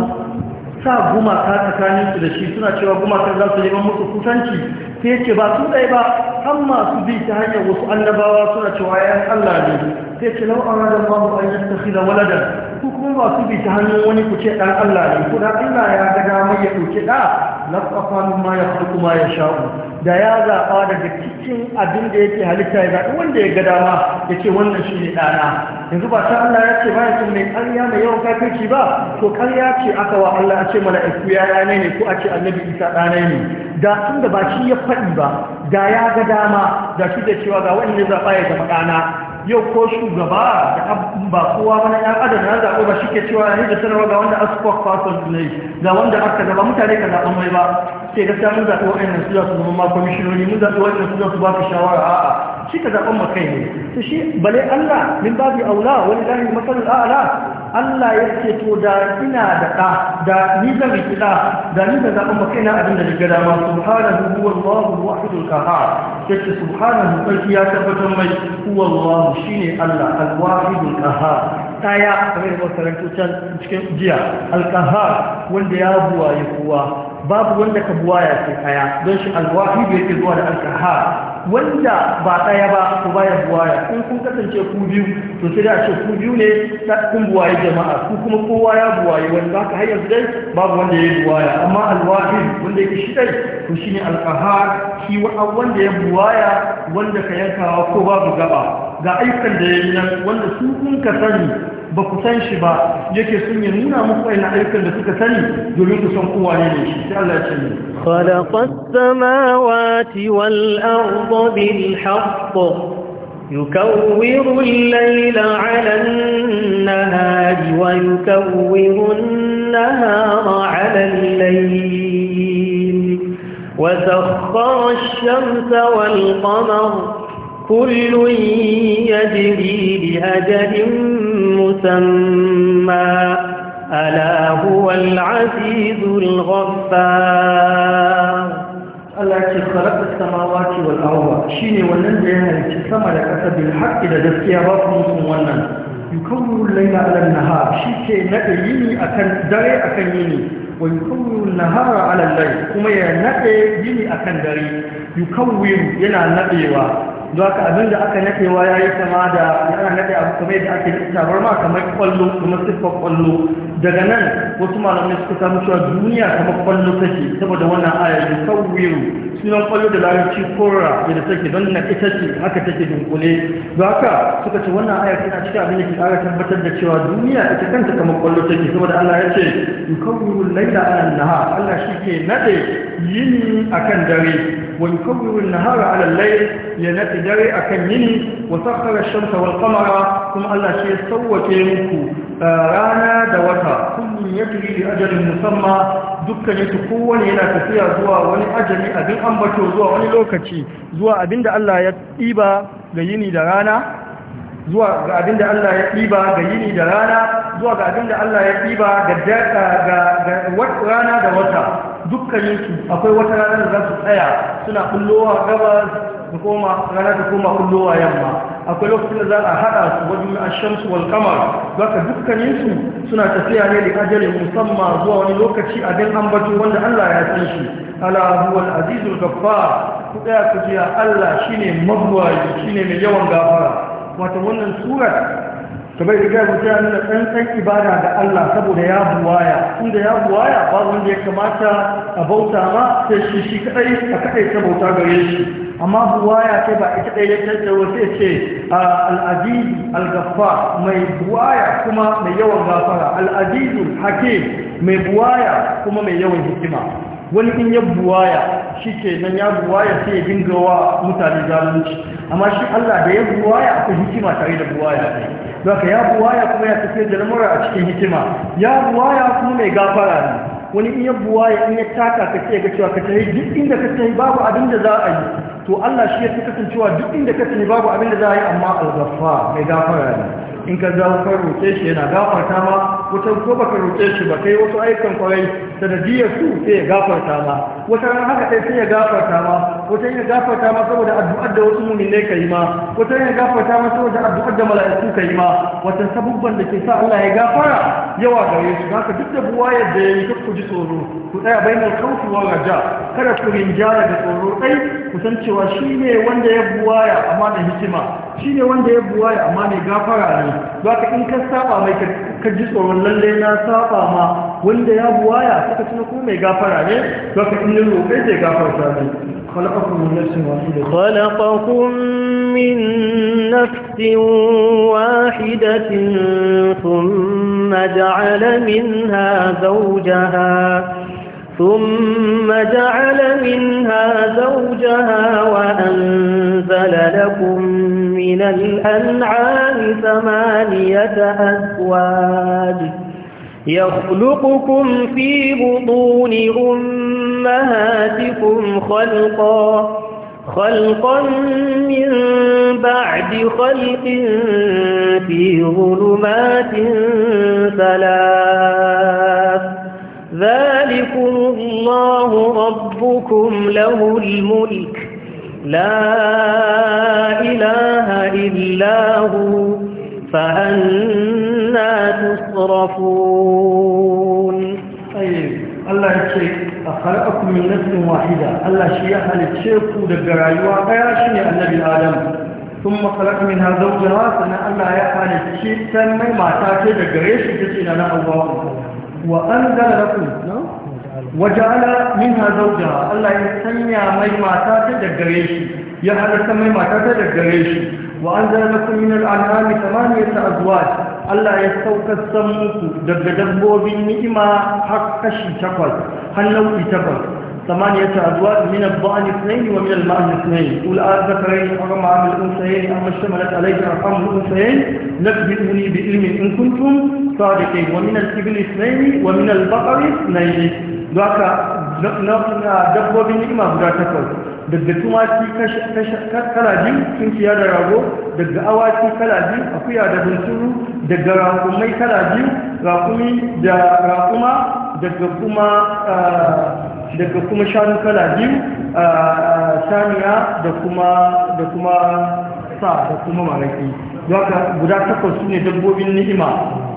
sa gumaka tsakaninsu da shi suna cewa gumakan za su neman musu kusanci sai ce ba su ɗaya ba har masu bi ta hanyar wasu annabawa suna cewa ya Allah ne sai ce lau an rada Allahu an yastakhila waladan su kuma masu bi ta hannun wani ku ce ɗan Allah ne da Allah ya ga dama ya ɗauki ɗa na ƙafan ma ya farko ma ya sha'u da ya zaɓa daga cikin abin da yake halitta ya zaɓi wanda ya ga dama ya ce wannan shi ne ɗana yanzu ba ta Allah ya ce ba ya ce mai ƙarya mai yawan kafirci ba to ƙarya ce aka wa Allah a ce mala'iku ya ɗane ne ko a ce annabi isa ɗane ne da tun da ba shi ya faɗi ba da ya ga dama da shi da cewa ga wani zaɓa ya zama ɗana yau ko shugaba da ba kowa mana ya ɗan adam na zaɓo ba shi ke cewa ya da sanarwa ga wanda asfok fasol ne ga wanda aka gaba mutane ka zaɓa mai ba sai gaskiya mun zaɓi wa'annan su za su zama ma kwamishinoni mun zaɓi wa'annan su za su ba ka shawara a'a shi ka zaɓen makai ne to shi bale Allah min babu aula wani lahi matsalar ala Allah ya ce to da ina da ɗa da ni zan riki ɗa da ni zan zaɓen makai na abin da ni gada ma subhanahu huwa kaha. wahidul ce yace subhanahu sarki ya tabbatar mai huwa Allahu shine Allah al kaha. qahhar kamar da wasu rantucan cikin jiya Alkaha wanda ya buwaye kowa babu wanda ka buwaya ce kaya don shi da yake zuwa da alkaha wanda ba ɗaya ba ku ya buwaya in kun kasance ku biyu to sai da ce ku biyu ne kun buwaye jama'a ku kuma kowa ya buwaye wani ba ka hayar dai babu wanda ya buwaya amma alwahi wanda yake shi dai to shine alkahar shi wanda ya buwaya wanda ka yankawa ko babu gaba ga aikin da ya yi nan wanda su kun ka sani ba ku san shi ba yake sun yi nuna muku aina aikan da suka sani domin ku san kowa ne shi sai Allah ya ce ni خلق السماوات والأرض بالحق يكور الليل على النهار ويكور النهار على الليل وسخر الشمس والقمر كل يجري لأجل مسمى ألا هو العزيز الغفار Allah ce farar samawati wal arwa shine wannan da ya halicci sama da ƙasa bil haqqi da gaskiya ba su musun wannan yukammilu layla ala nahar shi ke nade yini akan dare akan yini wa yukammilu nahara ala layl kuma ya nade yini akan dare yukammilu yana nadewa don haka abin da aka wa ya yi kama da yana nake abu kamar da ake nade ma kamar kwallo kuma siffar kwallo daga nan wasu malamai suka samu cewa duniya kama kwallo take saboda wannan aya da sauwiru sunan kwallo da larabci kora da take don na ita ce haka take dunkule ba haka suka ce wannan ayar tana cikin abin da ke kara tabbatar da cewa duniya ita kanta kama kwallo take saboda Allah ya ce yukawwiru laila ala nahar Allah shi ke nade yini kan dare wa na nahara ala lallai ya nade dare a kan yini wa sakhara shamsa kuma Allah shi ya sauwake muku rana da wata kullum ya tafi da ajalin musamman dukkan yake kowane yana tafiya zuwa wani ajali abin ambato zuwa wani lokaci zuwa abin da Allah ya ɗiba ga yini da rana zuwa ga abin da Allah ya ɗiba ga yini da rana zuwa ga abin da Allah ya ɗiba ga rana da wata dukkaninsu akwai wata rana da za su tsaya suna kullowa gabas da koma rana ta koma kullowa yamma akwai lokacin da za a haɗa su wajen ashamsu wal kama. baka dukkanin su suna tafiya ne da ajalin musamman zuwa wani lokaci a dan ambato wanda Allah ya san shi ala huwal azizul ghaffar ku tsaya ku ji Allah shine shi ne mai yawan gafara wato wannan surar kamar da gaba ta nuna tsantsan ibada da Allah saboda ya buwaya inda ya buwaya ba wanda ya kamata a bauta ma sai shi shi kadai a kaɗai ta bauta gare shi amma buwaya ce ba ita ɗaya ta wace ce al'adizu al-gaffa mai buwaya kuma mai yawan gafara al'adizu hake mai buwaya kuma mai yawan hikima wani in ya buwaya shi ke nan ya buwaya sai ya dinga wa mutane zalunci amma shi Allah da ya buwaya akwai hikima tare da buwaya ne zaka ya buwaya kuma ya tafi da lamura a cikin hikima ya buwaya kuma mai gafara ne wani in ya buwa ya in ya taka ka ce ga cewa ka tafi duk inda ka tafi babu abin da za a yi to Allah shi ya fi kasancewa duk inda ka tafi babu abin da za a yi amma al-ghaffar mai gafara ne in ka dawo kan roƙe shi yana gafarta ma wata ko baka roƙe shi ba ka yi wasu ayyukan kwarai sanadiyar su sai ya gafarta ma wata ran haka sai sun ya gafarta ma wata ya gafarta ma saboda addu'ar da wasu mu'minai ka yi ma wata ya gafarta ma saboda addu'ar da mala'iku ka yi ma wata sabubban da ke sa Allah ya gafara yawa gare su haka duk da buwa yadda ya yi ku ji tsoro ku tsaya bainal khawfi wal raja kada ku rinjara da tsoro dai kusancewa shi ne wanda ya buwaya amma da hikima shi ne wanda ya buwaya amma ne gafara ne za ka in ka saba mai ka ji tsoron lalle na saba ma wanda ya buwaya suka tuna ko mai gafara ne za ka in yi roƙe zai gafarta ne خلقكم من نفس واحدة خلقكم من نفس واحدة ثم جعل منها زوجها ثم جعل منها زوجها وأنزل لكم من الأنعام ثمانية أزواج يخلقكم في بطون أمهاتكم خلقا خلقا من بعد خلق في ظلمات ثلاث ذلك الله ربكم له الملك لا إله إلا هو فأنا تصرفون طيب الله يشيك أخلقكم من نفس واحدة الله شيئا لتشيك ودقرأيوا يا شني النبي آدم ثم خلق منها زوجها سنة الله يحال تشيك سنة ما تاتي دقريش تشينا نحو الله وأنزل لكم نعم. waja'ala minha zawjaha Allah ya sanya mai mata ta daggare shi ya halarta mai mata ta daggare shi wa anzala lakum min al-an'ami thamaniyata Allah ya sauka san muku daga dabbobin ni'ima har kashi takwas har nau'i takwas ثمانية أزواج من الضأن اثنين ومن المأن اثنين قل الذكرين حرم عام الأنثيين أما اشتملت عليه أرحام الأنثيين نبئوني بعلم إن كنتم صادقين ومن الإبل اثنين ومن البقر اثنين za ka na dabbobin ni'ima guda takwas daga tumaki kala biyu sun ciya da rago daga awaki kala biyu akuya da bunturu daga raƙumai kala biyu raƙumi da raƙuma daga kuma ah, daga kuma shanu kala biyu ah, saniya da kuma da kuma sa da kuma maraki za ka guda takwas su ne dabbobin ni'ima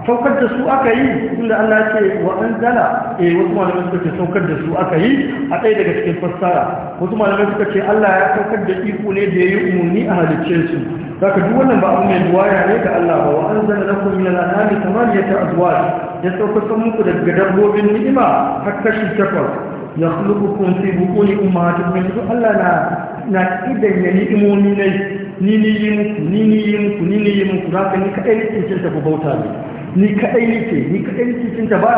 saukar da su aka yi inda Allah ce wa anzala eh wasu malamai suka ce saukar da su aka yi a ɗaya daga cikin fassara wasu malamai suka ce Allah ya saukar da iko ne da ya yi umarni a halicce su zaka duk wannan ba abu mai duwaya ne ga Allah ba wa anzala lakum min al-anami thamaniyata azwaj ya saukar muku daga dabbobin ni'ima har kashi takwas yakhluqukum fi buquni ummahatikum Allah na na idan ya ni ne ni ni yi muku ni ni yi muku ni ni yi muku zaka ni kadai ne ke ta bauta ne ni kaɗai nike ni kaɗai nike nake cinta ba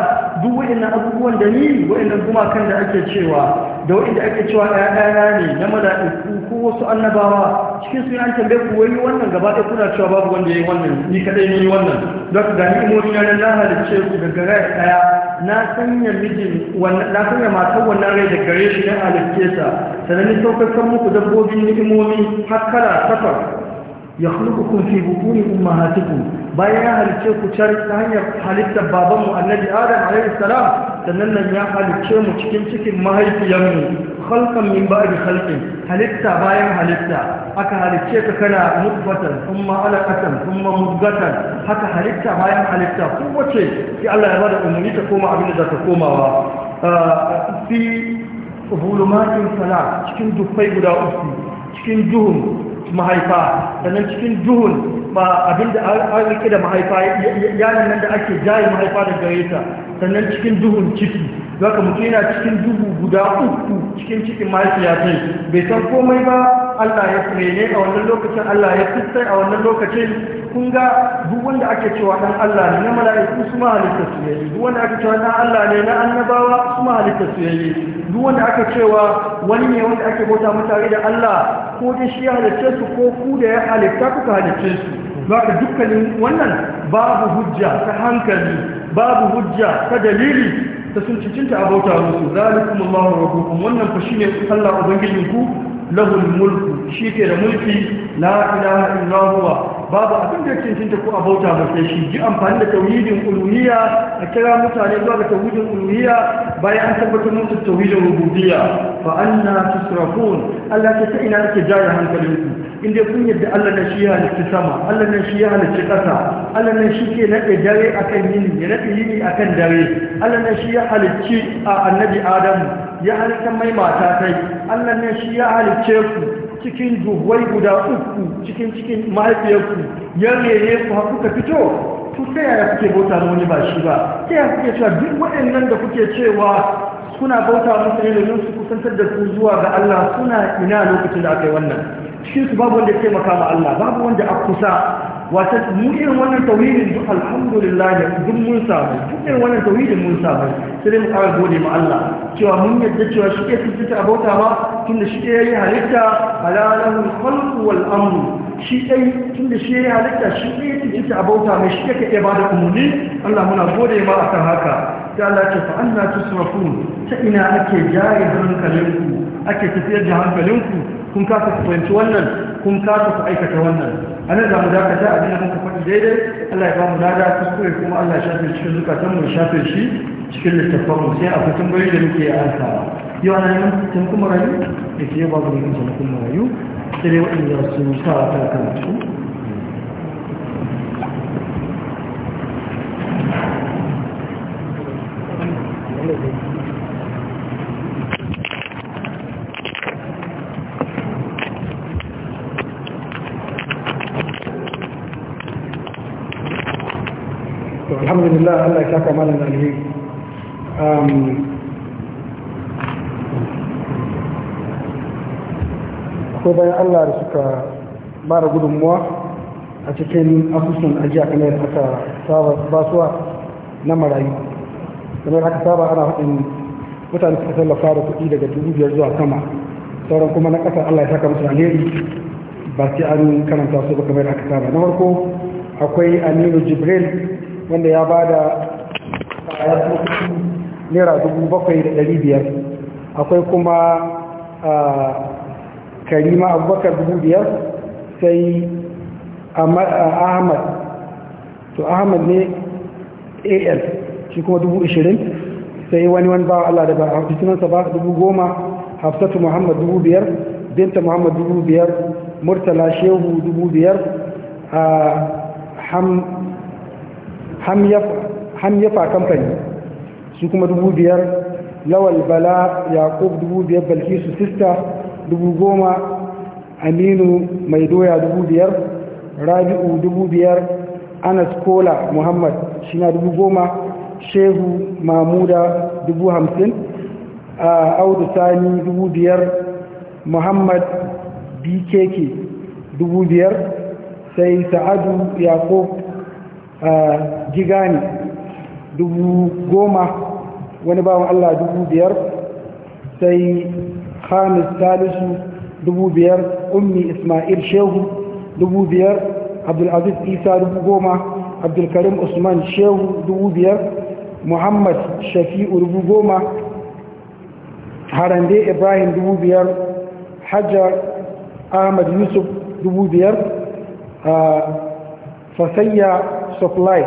duk waɗannan abubuwan da ni waɗannan gumakan da ake cewa da waɗanda ake cewa ɗaya ɗaya ne na mala'iku ko wasu annabawa cikin su an tambaye ku wani wannan gaba ɗaya kuna cewa babu wanda ya yi wannan ni kaɗai ne wannan don ka ni imoni na na halicce ku daga rai ɗaya na sanya mijin na sanya matan wannan rai da gare shi na halicce ta sannan ni saukar muku dabbobin ni'imomi har kala takwas ya hulukukun fi bukuni bayan ya halice ku can ta hanyar halittar babanmu annabi adam alaihi salam nan ya halice mu cikin cikin mahaifiyarmu halkan min ba da halkin halitta bayan halitta aka halice ka kana mutfatan kuma alaƙatan kuma mutgatan haka halitta bayan halitta ko wace ya Allah ya bada umarni ta koma abin da ka komawa fi hulumatin salam cikin dufai guda uku cikin duhun mahaifa sannan cikin duhun ba abinda an rike da mahaifa yanan nan da ake jaye mahaifa da gareta. sannan cikin duhun ciki ka mutu yana cikin duhu guda uku cikin cikin ya fi bai san komai ba Allah ya tsere a wannan lokacin Allah ya tsitsai a wannan lokacin kun ga duk wanda ake cewa dan Allah ne na mala'iku su ma halitta su yayi duk wanda ake cewa dan Allah ne na annabawa su ma halitta su yayi duk wanda ake cewa wani ne wanda ake bauta mutare da Allah ko dai shi ya halicce su ko ku da ya halitta kuka halicce su baka dukkanin wannan babu hujja ta hankali babu hujja ta dalili ta sun cicinta a bauta musu zalikum Allahu rabbukum wannan fa shine Allah ubangijinku lahul mulku shi ke da mulki la ilaha illa huwa babu abin da yake ko a bauta ba shi ji amfani da tauhidin uluhiyya a kira mutane zuwa ga tauhidin uluhiyya bayan an tabbatar musu tauhidin rububiyya fa anna tusrafun Allah ta ina ake jaya hankalinku in dai kun yadda Allah na shi ya halitta sama Allah na shi ya halitta ƙasa Allah na shi ke naɗe dare akan yini ya naɗe yini akan dare Allah na shi ya halicci a annabi Adamu ya halitta mai mata kai Allah na shi ya halicce ku cikin juhuwai guda uku cikin cikin mahaifiyarku ya rere ku haku ka fito to ta yaya kuke bauta na wani ba shi ba ta yaya kuke cewa duk waɗannan da kuke cewa suna bauta musu ne domin su kusantar da su zuwa ga Allah suna ina lokacin da aka yi wannan cikin su babu wanda ya taimaka ma Allah babu wanda a kusa wata mu irin wannan tauhidin duk alhamdulillah duk mun samu duk irin wannan tauhidin mun samu sai dai mu ƙara gode ma Allah cewa mun yadda cewa shi ke tuntuta abota ba tunda shi ke yi halitta halalahul khalqu wal amru shi ɗai tun da shi ya halitta shi ɗai ya cikin abauta mai shi ke kaɗe ba da umarni Allah muna gode ma a kan haka ta Allah ce fa Allah ta surafu ta ina ake jari hankalinku ake tafiyar da hankalinku kun kasa ku fahimci wannan kun kasa ku aikata wannan a nan za mu dakata abin da muka faɗi daidai Allah ya ba mu nada kuskure kuma Allah ya shafe cikin zukatan mu shafe shi cikin littafan mu sai akwai bari da muke ansawa yau ana neman tun kuma rayu da ke ba da yin sanakun rayu sai dai waɗanda su sa wa karatu Thank you. alhamdulillah Allah ya saka malam alheri um, ko bayan Allah da suka bara gudunmuwa a cikin asusun ajiya kamar aka saba basuwa na marayu kamar aka saba ana haɗin mutane suka tallafa da kuɗi daga dubu biyar zuwa sama sauran kuma na ƙasa Allah ya saka musu alheri ba sai an karanta su ba kamar aka saba na farko akwai aminu jibril wanda ya ba da kayan naira dubu bakwai da biyar akwai kuma karima abubakar dubu biyar sai ahmad to ahmad ne al shi kuma dubu ishirin sai wani wani ba Allah da ba a fitinansa ba dubu goma Haftatu muhammad dubu biyar binta muhammad dubu biyar murtala shehu dubu biyar a hamyafa kamfani su kuma dubu biyar lawal bala yaƙub dubu biyar balkisu sista dubu goma aminu mai doya dubu biyar rabi'u dubu biyar anas kola muhammad shi na dubu goma shehu mamuda dubu hamsin audu sani dubu biyar muhammad bkk dubu biyar sai sa'adu yaƙub Gigani dubu goma wani bawan Allah dubu biyar sai hamis salisu dubu biyar ummi ismail shehu dubu biyar abdulaziz isa dubu goma abdulkarim usman shehu dubu biyar muhammad shafi'u dubu goma harande ibrahim dubu biyar hajjar ahmad yusuf dubu biyar fasayya supply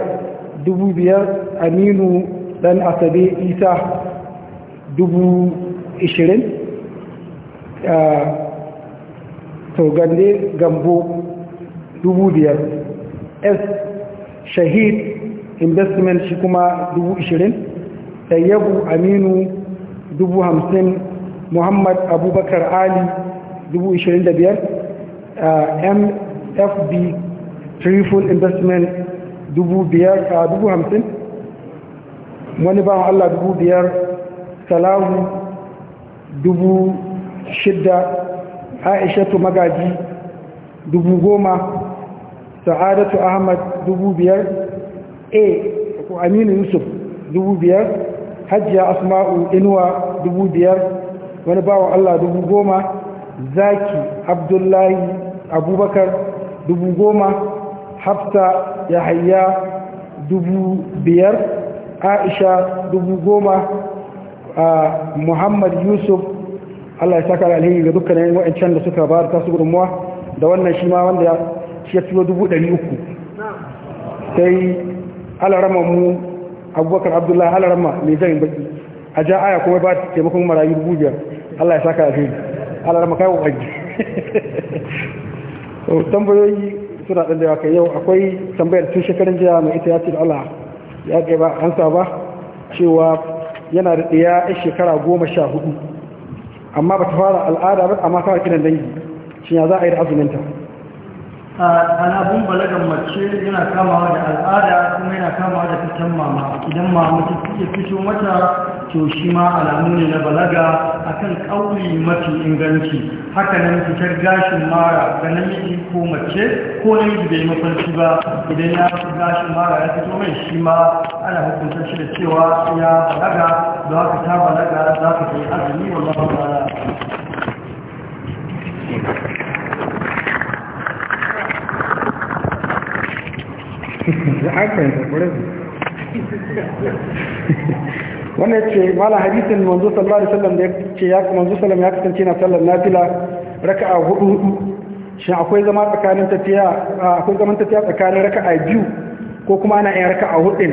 dubu biyar aminu dan asabe isa dubu ishirin to gande gambo dubu biyar s shahid investment shi kuma dubu ishirin tayyabu aminu dubu hamsin muhammad abubakar ali dubu ishirin da biyar mfb triple investment dubu biyar a dubu hamsin wani ba wa Allah dubu biyar salamu dubu shidda tu magaji dubu goma tu ahmad dubu biyar a ko aminu yusuf dubu biyar hajjiya asma'u inuwa dubu biyar wani ba wa allah dubu goma zaki abdullahi abubakar dubu goma hafta yahaya dubu biyar aisha dubu goma muhammad yusuf allah ya saka alheri ga dukkanin wa'ancan da suka ba ta su gudunmuwa da wannan shi ma wanda shi ya turo dubu ɗari uku sai alarama mu abubakar abdullahi alarama mai jan baki a ja aya kuma ba taimakon marayu dubu biyar allah ya saka alheri alarama kai wa ɓagi suna ɗan da yawa yau akwai tambayar tun shekarun jiya mai ita ya ce da Allah ya ga ba an sa ba cewa yana da ɗaya a shekara goma sha hudu amma ba ta fara al'ada ba amma ta kiran dangi shi ya za a yi da ta. ana bin balagan mace yana kamawa da al'ada kuma yana kamawa da fitan mama idan mama ta fiye fito mata to shi ma alamu ne na balaga a kan kauri mafi inganci haka nan fitar gashin mara ga namiji ko mace ko namiji bai mafarki ba idan ya fi gashin mara ya fito mai shi ma ana hukunta shi da cewa ya balaga za ka ta balaga za ka yi azumi wallahu ta'ala wannan ce mala hadisin manzo sallallahu alaihi wasallam da ya ce ya manzo sallam ya kasance na sallar nafila raka'a hudu shi akwai zama tsakanin tafiya akwai zaman tafiya tsakanin raka'a biyu ko kuma ana yin raka'a hudu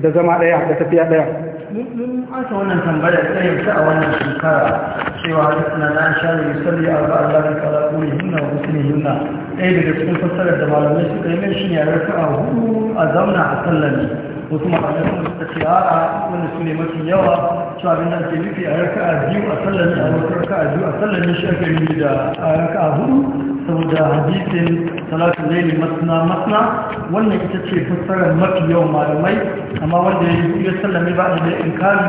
da zama daya da tafiya daya mun ansa wannan tambaya ta yanzu a wannan shekara cewa na na sha da yusalli a ba'a Allah ta kala kuri hinna wa musulmi hinna ɗaya daga cikin fassarar da malamai su kai mai shi ne raka a hudu a zauna a sallami wasu malamai sun ta ce a'a wani su ne mafi yawa cewa abin da ke nufi a raka a biyu a sallami a wasu a biyu a sallami shi ake nufi da a raka a hudu saboda hadisin salatun laili masna masna wannan ita ce fassarar mafi yawan malamai amma wanda ya sallame ba a da inkari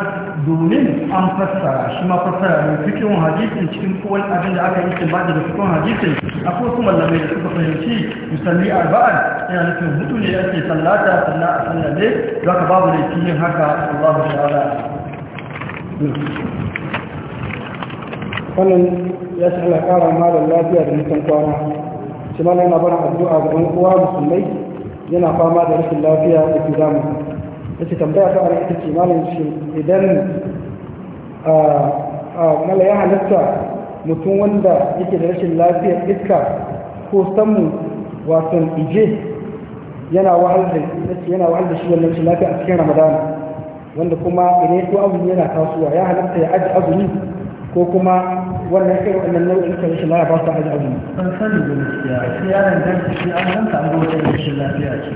domin an fassara shi ma fassara ne cikin hadisin cikin kowane abin da aka yi cikin ba da cikin hadisin a wasu malamai da suka fahimci musalli arba'an yana nufin hudu ne ake sallata sannan a sallame za ka babu laifin yin haka allahu ta'ala wannan ya shi ala kara malam lafiya da nisan kwana shi ma yana barin addu'a ga ɗan uwa musulmai yana fama da rashin lafiya da ke damu yace tambaya ta ana ita ce malam shi idan mala ya halatta mutum wanda yake da rashin lafiyar iska ko samu wasan ije yana wahal da shi wannan rashin lafiya a cikin ramadana wanda kuma idan ya azumi yana tasowa ya halatta ya aji azumi ko kuma wannan irin wannan nau'in ta rashin lafiya ba su aji abu. ban san da gaskiya sai yaron da shi an nan ka ambo da rashin lafiya ce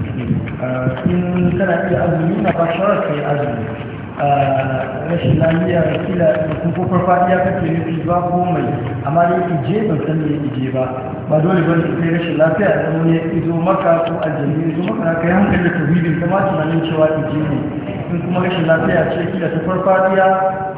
in kana iya azumi na ba shawar kai azumi rashin lafiya da kila ko farfadiya kake nufi ba ko mai amma da yake je ban san me yake ba ba dole ba ne rashin lafiya da wani ya izo maka ko aljanni ya zo maka na kai hankali da tawhidin kama tunanin cewa ije ne in kuma rashin lafiya ce kila ta farfadiya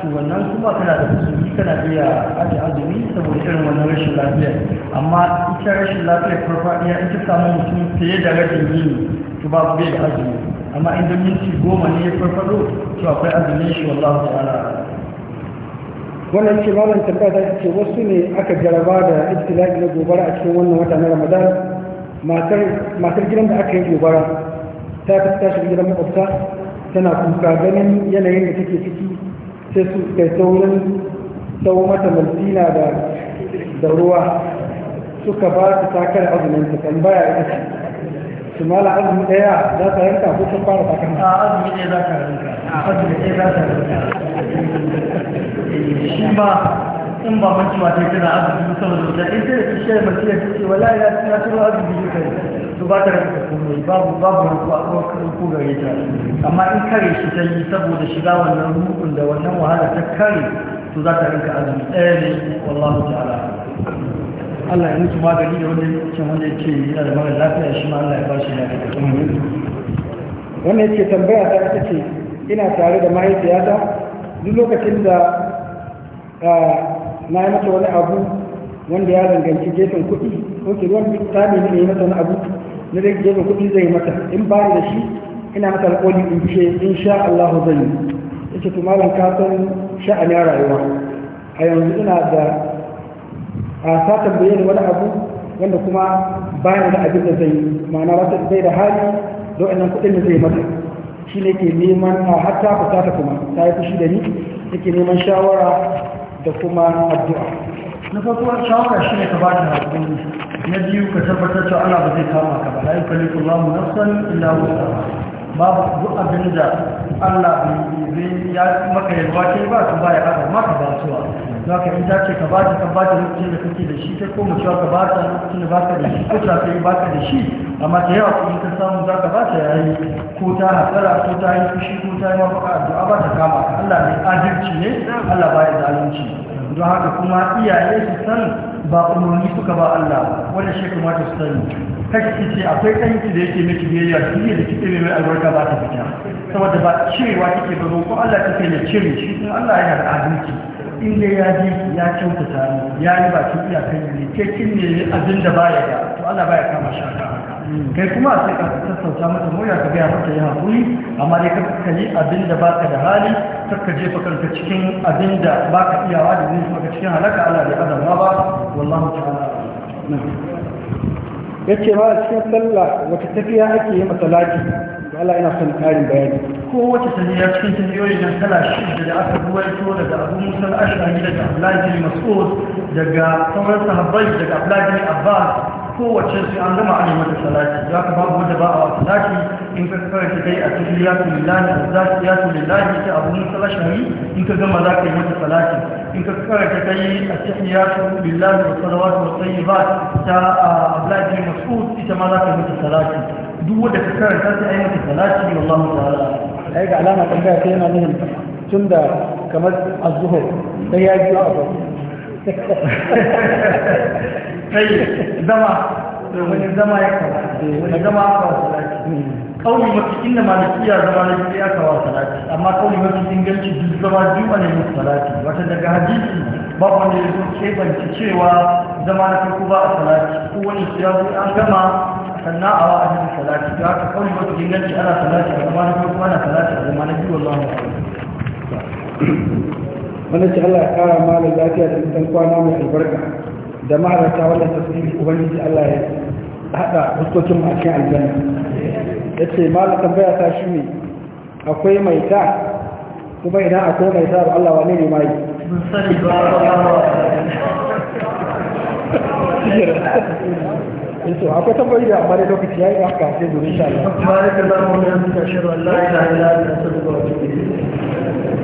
to wannan kuma kana da kusuri kana iya aje azumi saboda irin wannan rashin lafiya amma ita rashin lafiya farfadiya ita samun mutum fiye da rashin yini to babu bai da azumi amma in minti goma ne ya farfado to akwai azumin shi wallahu ta'ala wannan ce malam tambaya ta ce wasu ne aka jaraba da ibtila'i na gobara a cikin wannan wata na ramadan matar gidan da aka yi gobara ta fi tashi gidan makwabta tana kuka ganin yanayin da take ciki sai su kai saurin sau mata maltina da ruwa suka ba su takar azumin ta tambaya ita ce su mala azumi daya za ka yanka ko sun fara takan a azumi ne za ka yanka a azumi ne za ka yanka shi ba in ba mace ba ta kira azumi saboda da in sai ta shi mace ya ce wala ya na turu azumi ne kai to ba ta ranka komai babu babu kuwa a kuma ko gare ta amma in kare shi ta yi saboda shiga wannan rukun da wannan wahala ta kare to za ta rinka azumi ɗaya ne wallahu ta'ala Allah ya mutu magani da wanda yake wanda yake yana da mara lafiya shi ma Allah ya ba shi lafiya wannan yake tambaya ta ita ce ina tare da mahaifiyata duk lokacin da na yi mata wani abu wanda ya zanganci gefen kuɗi ko ki ruwan ta ne ne mata wani abu na da gefen kuɗi zai mata in ba da shi ina mata alƙoli in ce in sha Allah zai yi yace to malam ka san sha'anin rayuwa a yanzu ina da a da tambaye wani abu wanda kuma bayan da abin da zai ma'ana wata zai da hali don annan kuɗin da zai mata shi ne ke neman a hatta sata kuma ta yi fushi da ni yake neman shawara da kuma addu'a na farko shawara shi ne ka ba da na biyu ka tabbatar cewa ana ba zai kama ka ba la yukallifu Allahu nafsan illa wusaha babu duk abin da Allah ya maka yalwa ke ba su baya haka maka ba suwa za ka in ta ka bata ka bata lokacin da kake da shi ta koma cewa ka bata lokacin da baka da shi ko ta kai da shi amma ta yawa kuma ka samu za ka bata yayi ko ta hasara ko ta yi fushi ko ta yi mafaka addu'a ba ta kama ka Allah ne adalci ne Allah baya zalunci don haka kuma iyaye su san ba umarni suka ba Allah wanda shi kamata su sani kashi ce akwai kanki da yake miki biyayya shi da kike mai albarka ba ta fita saboda ba cirewa kike ba ko Allah kike ne cire shi Allah yana da adalci inda ya ji ya kyautata ne ya yi bakin iyakar ne ke kin ne abin da baya da to ba ya kama shi haka kai kuma sai ka sassauta mata moya ka gaya mata ya hakuri amma dai ka kalli abin da baka da hali ka jefa kanka cikin abin da baka iyawa da zai maka cikin halaka Allah da azama ba wallahu ta'ala yace ma cikin sallah wata tafiya ake yi masalati Allah yana son ƙarin bayani kowace sanya cikin saniyoyin na tana shida da aka ruwaito daga abu musa ashirin daga abdullahi mas'ud daga sauran sahabbai daga abdullahi abbas kowace sai an gama ana mata salati za ka babu wanda ba a salati in ka karanta dai a tahliyatu lillahi azzakiyatu lillahi ta abu musa lashari in ka gama za ka yi mata salati in ka karanta dai a tahliyatu lillahi wa salawatu wa tayyibat ta ablaji mas'ud ita ma za ka yi mata salati duk wanda ka karanta sai a yi mata salati wallahu ta'ala ai ga alama tambaya ta yana nuna tunda kamar azzuhur sai ya biyo a sai zama wani zama ya kawo wani zama aka wa salati kauli mafi inda malikiya zama na biyu aka wa salati amma kauli mafi inganci duk zama biyu ne musu salati wata daga hadisi ba wanda ya zo kebanci cewa zama na farko ba a salati ko wani ya zo an gama sannan a wa'a cikin salati da haka kauli mafi inganci ana salati a zama na farko ana salati a zama na biyu wallahu wani ce Allah ya kara malin lafiya da mutan kwana mai albarka da maharata wannan tasiri ubangiji Allah ya haɗa huskokin mu a cikin aljanna yace malaka ta shi ne akwai mai ta kuma idan akwai mai ta Allah wane ne mai Yanzu akwai tambayi da amma da lokaci ya yi ba ka sai domin sha Allah. Ma'aikin zamu ne suka shirin Allah ya yi lalata su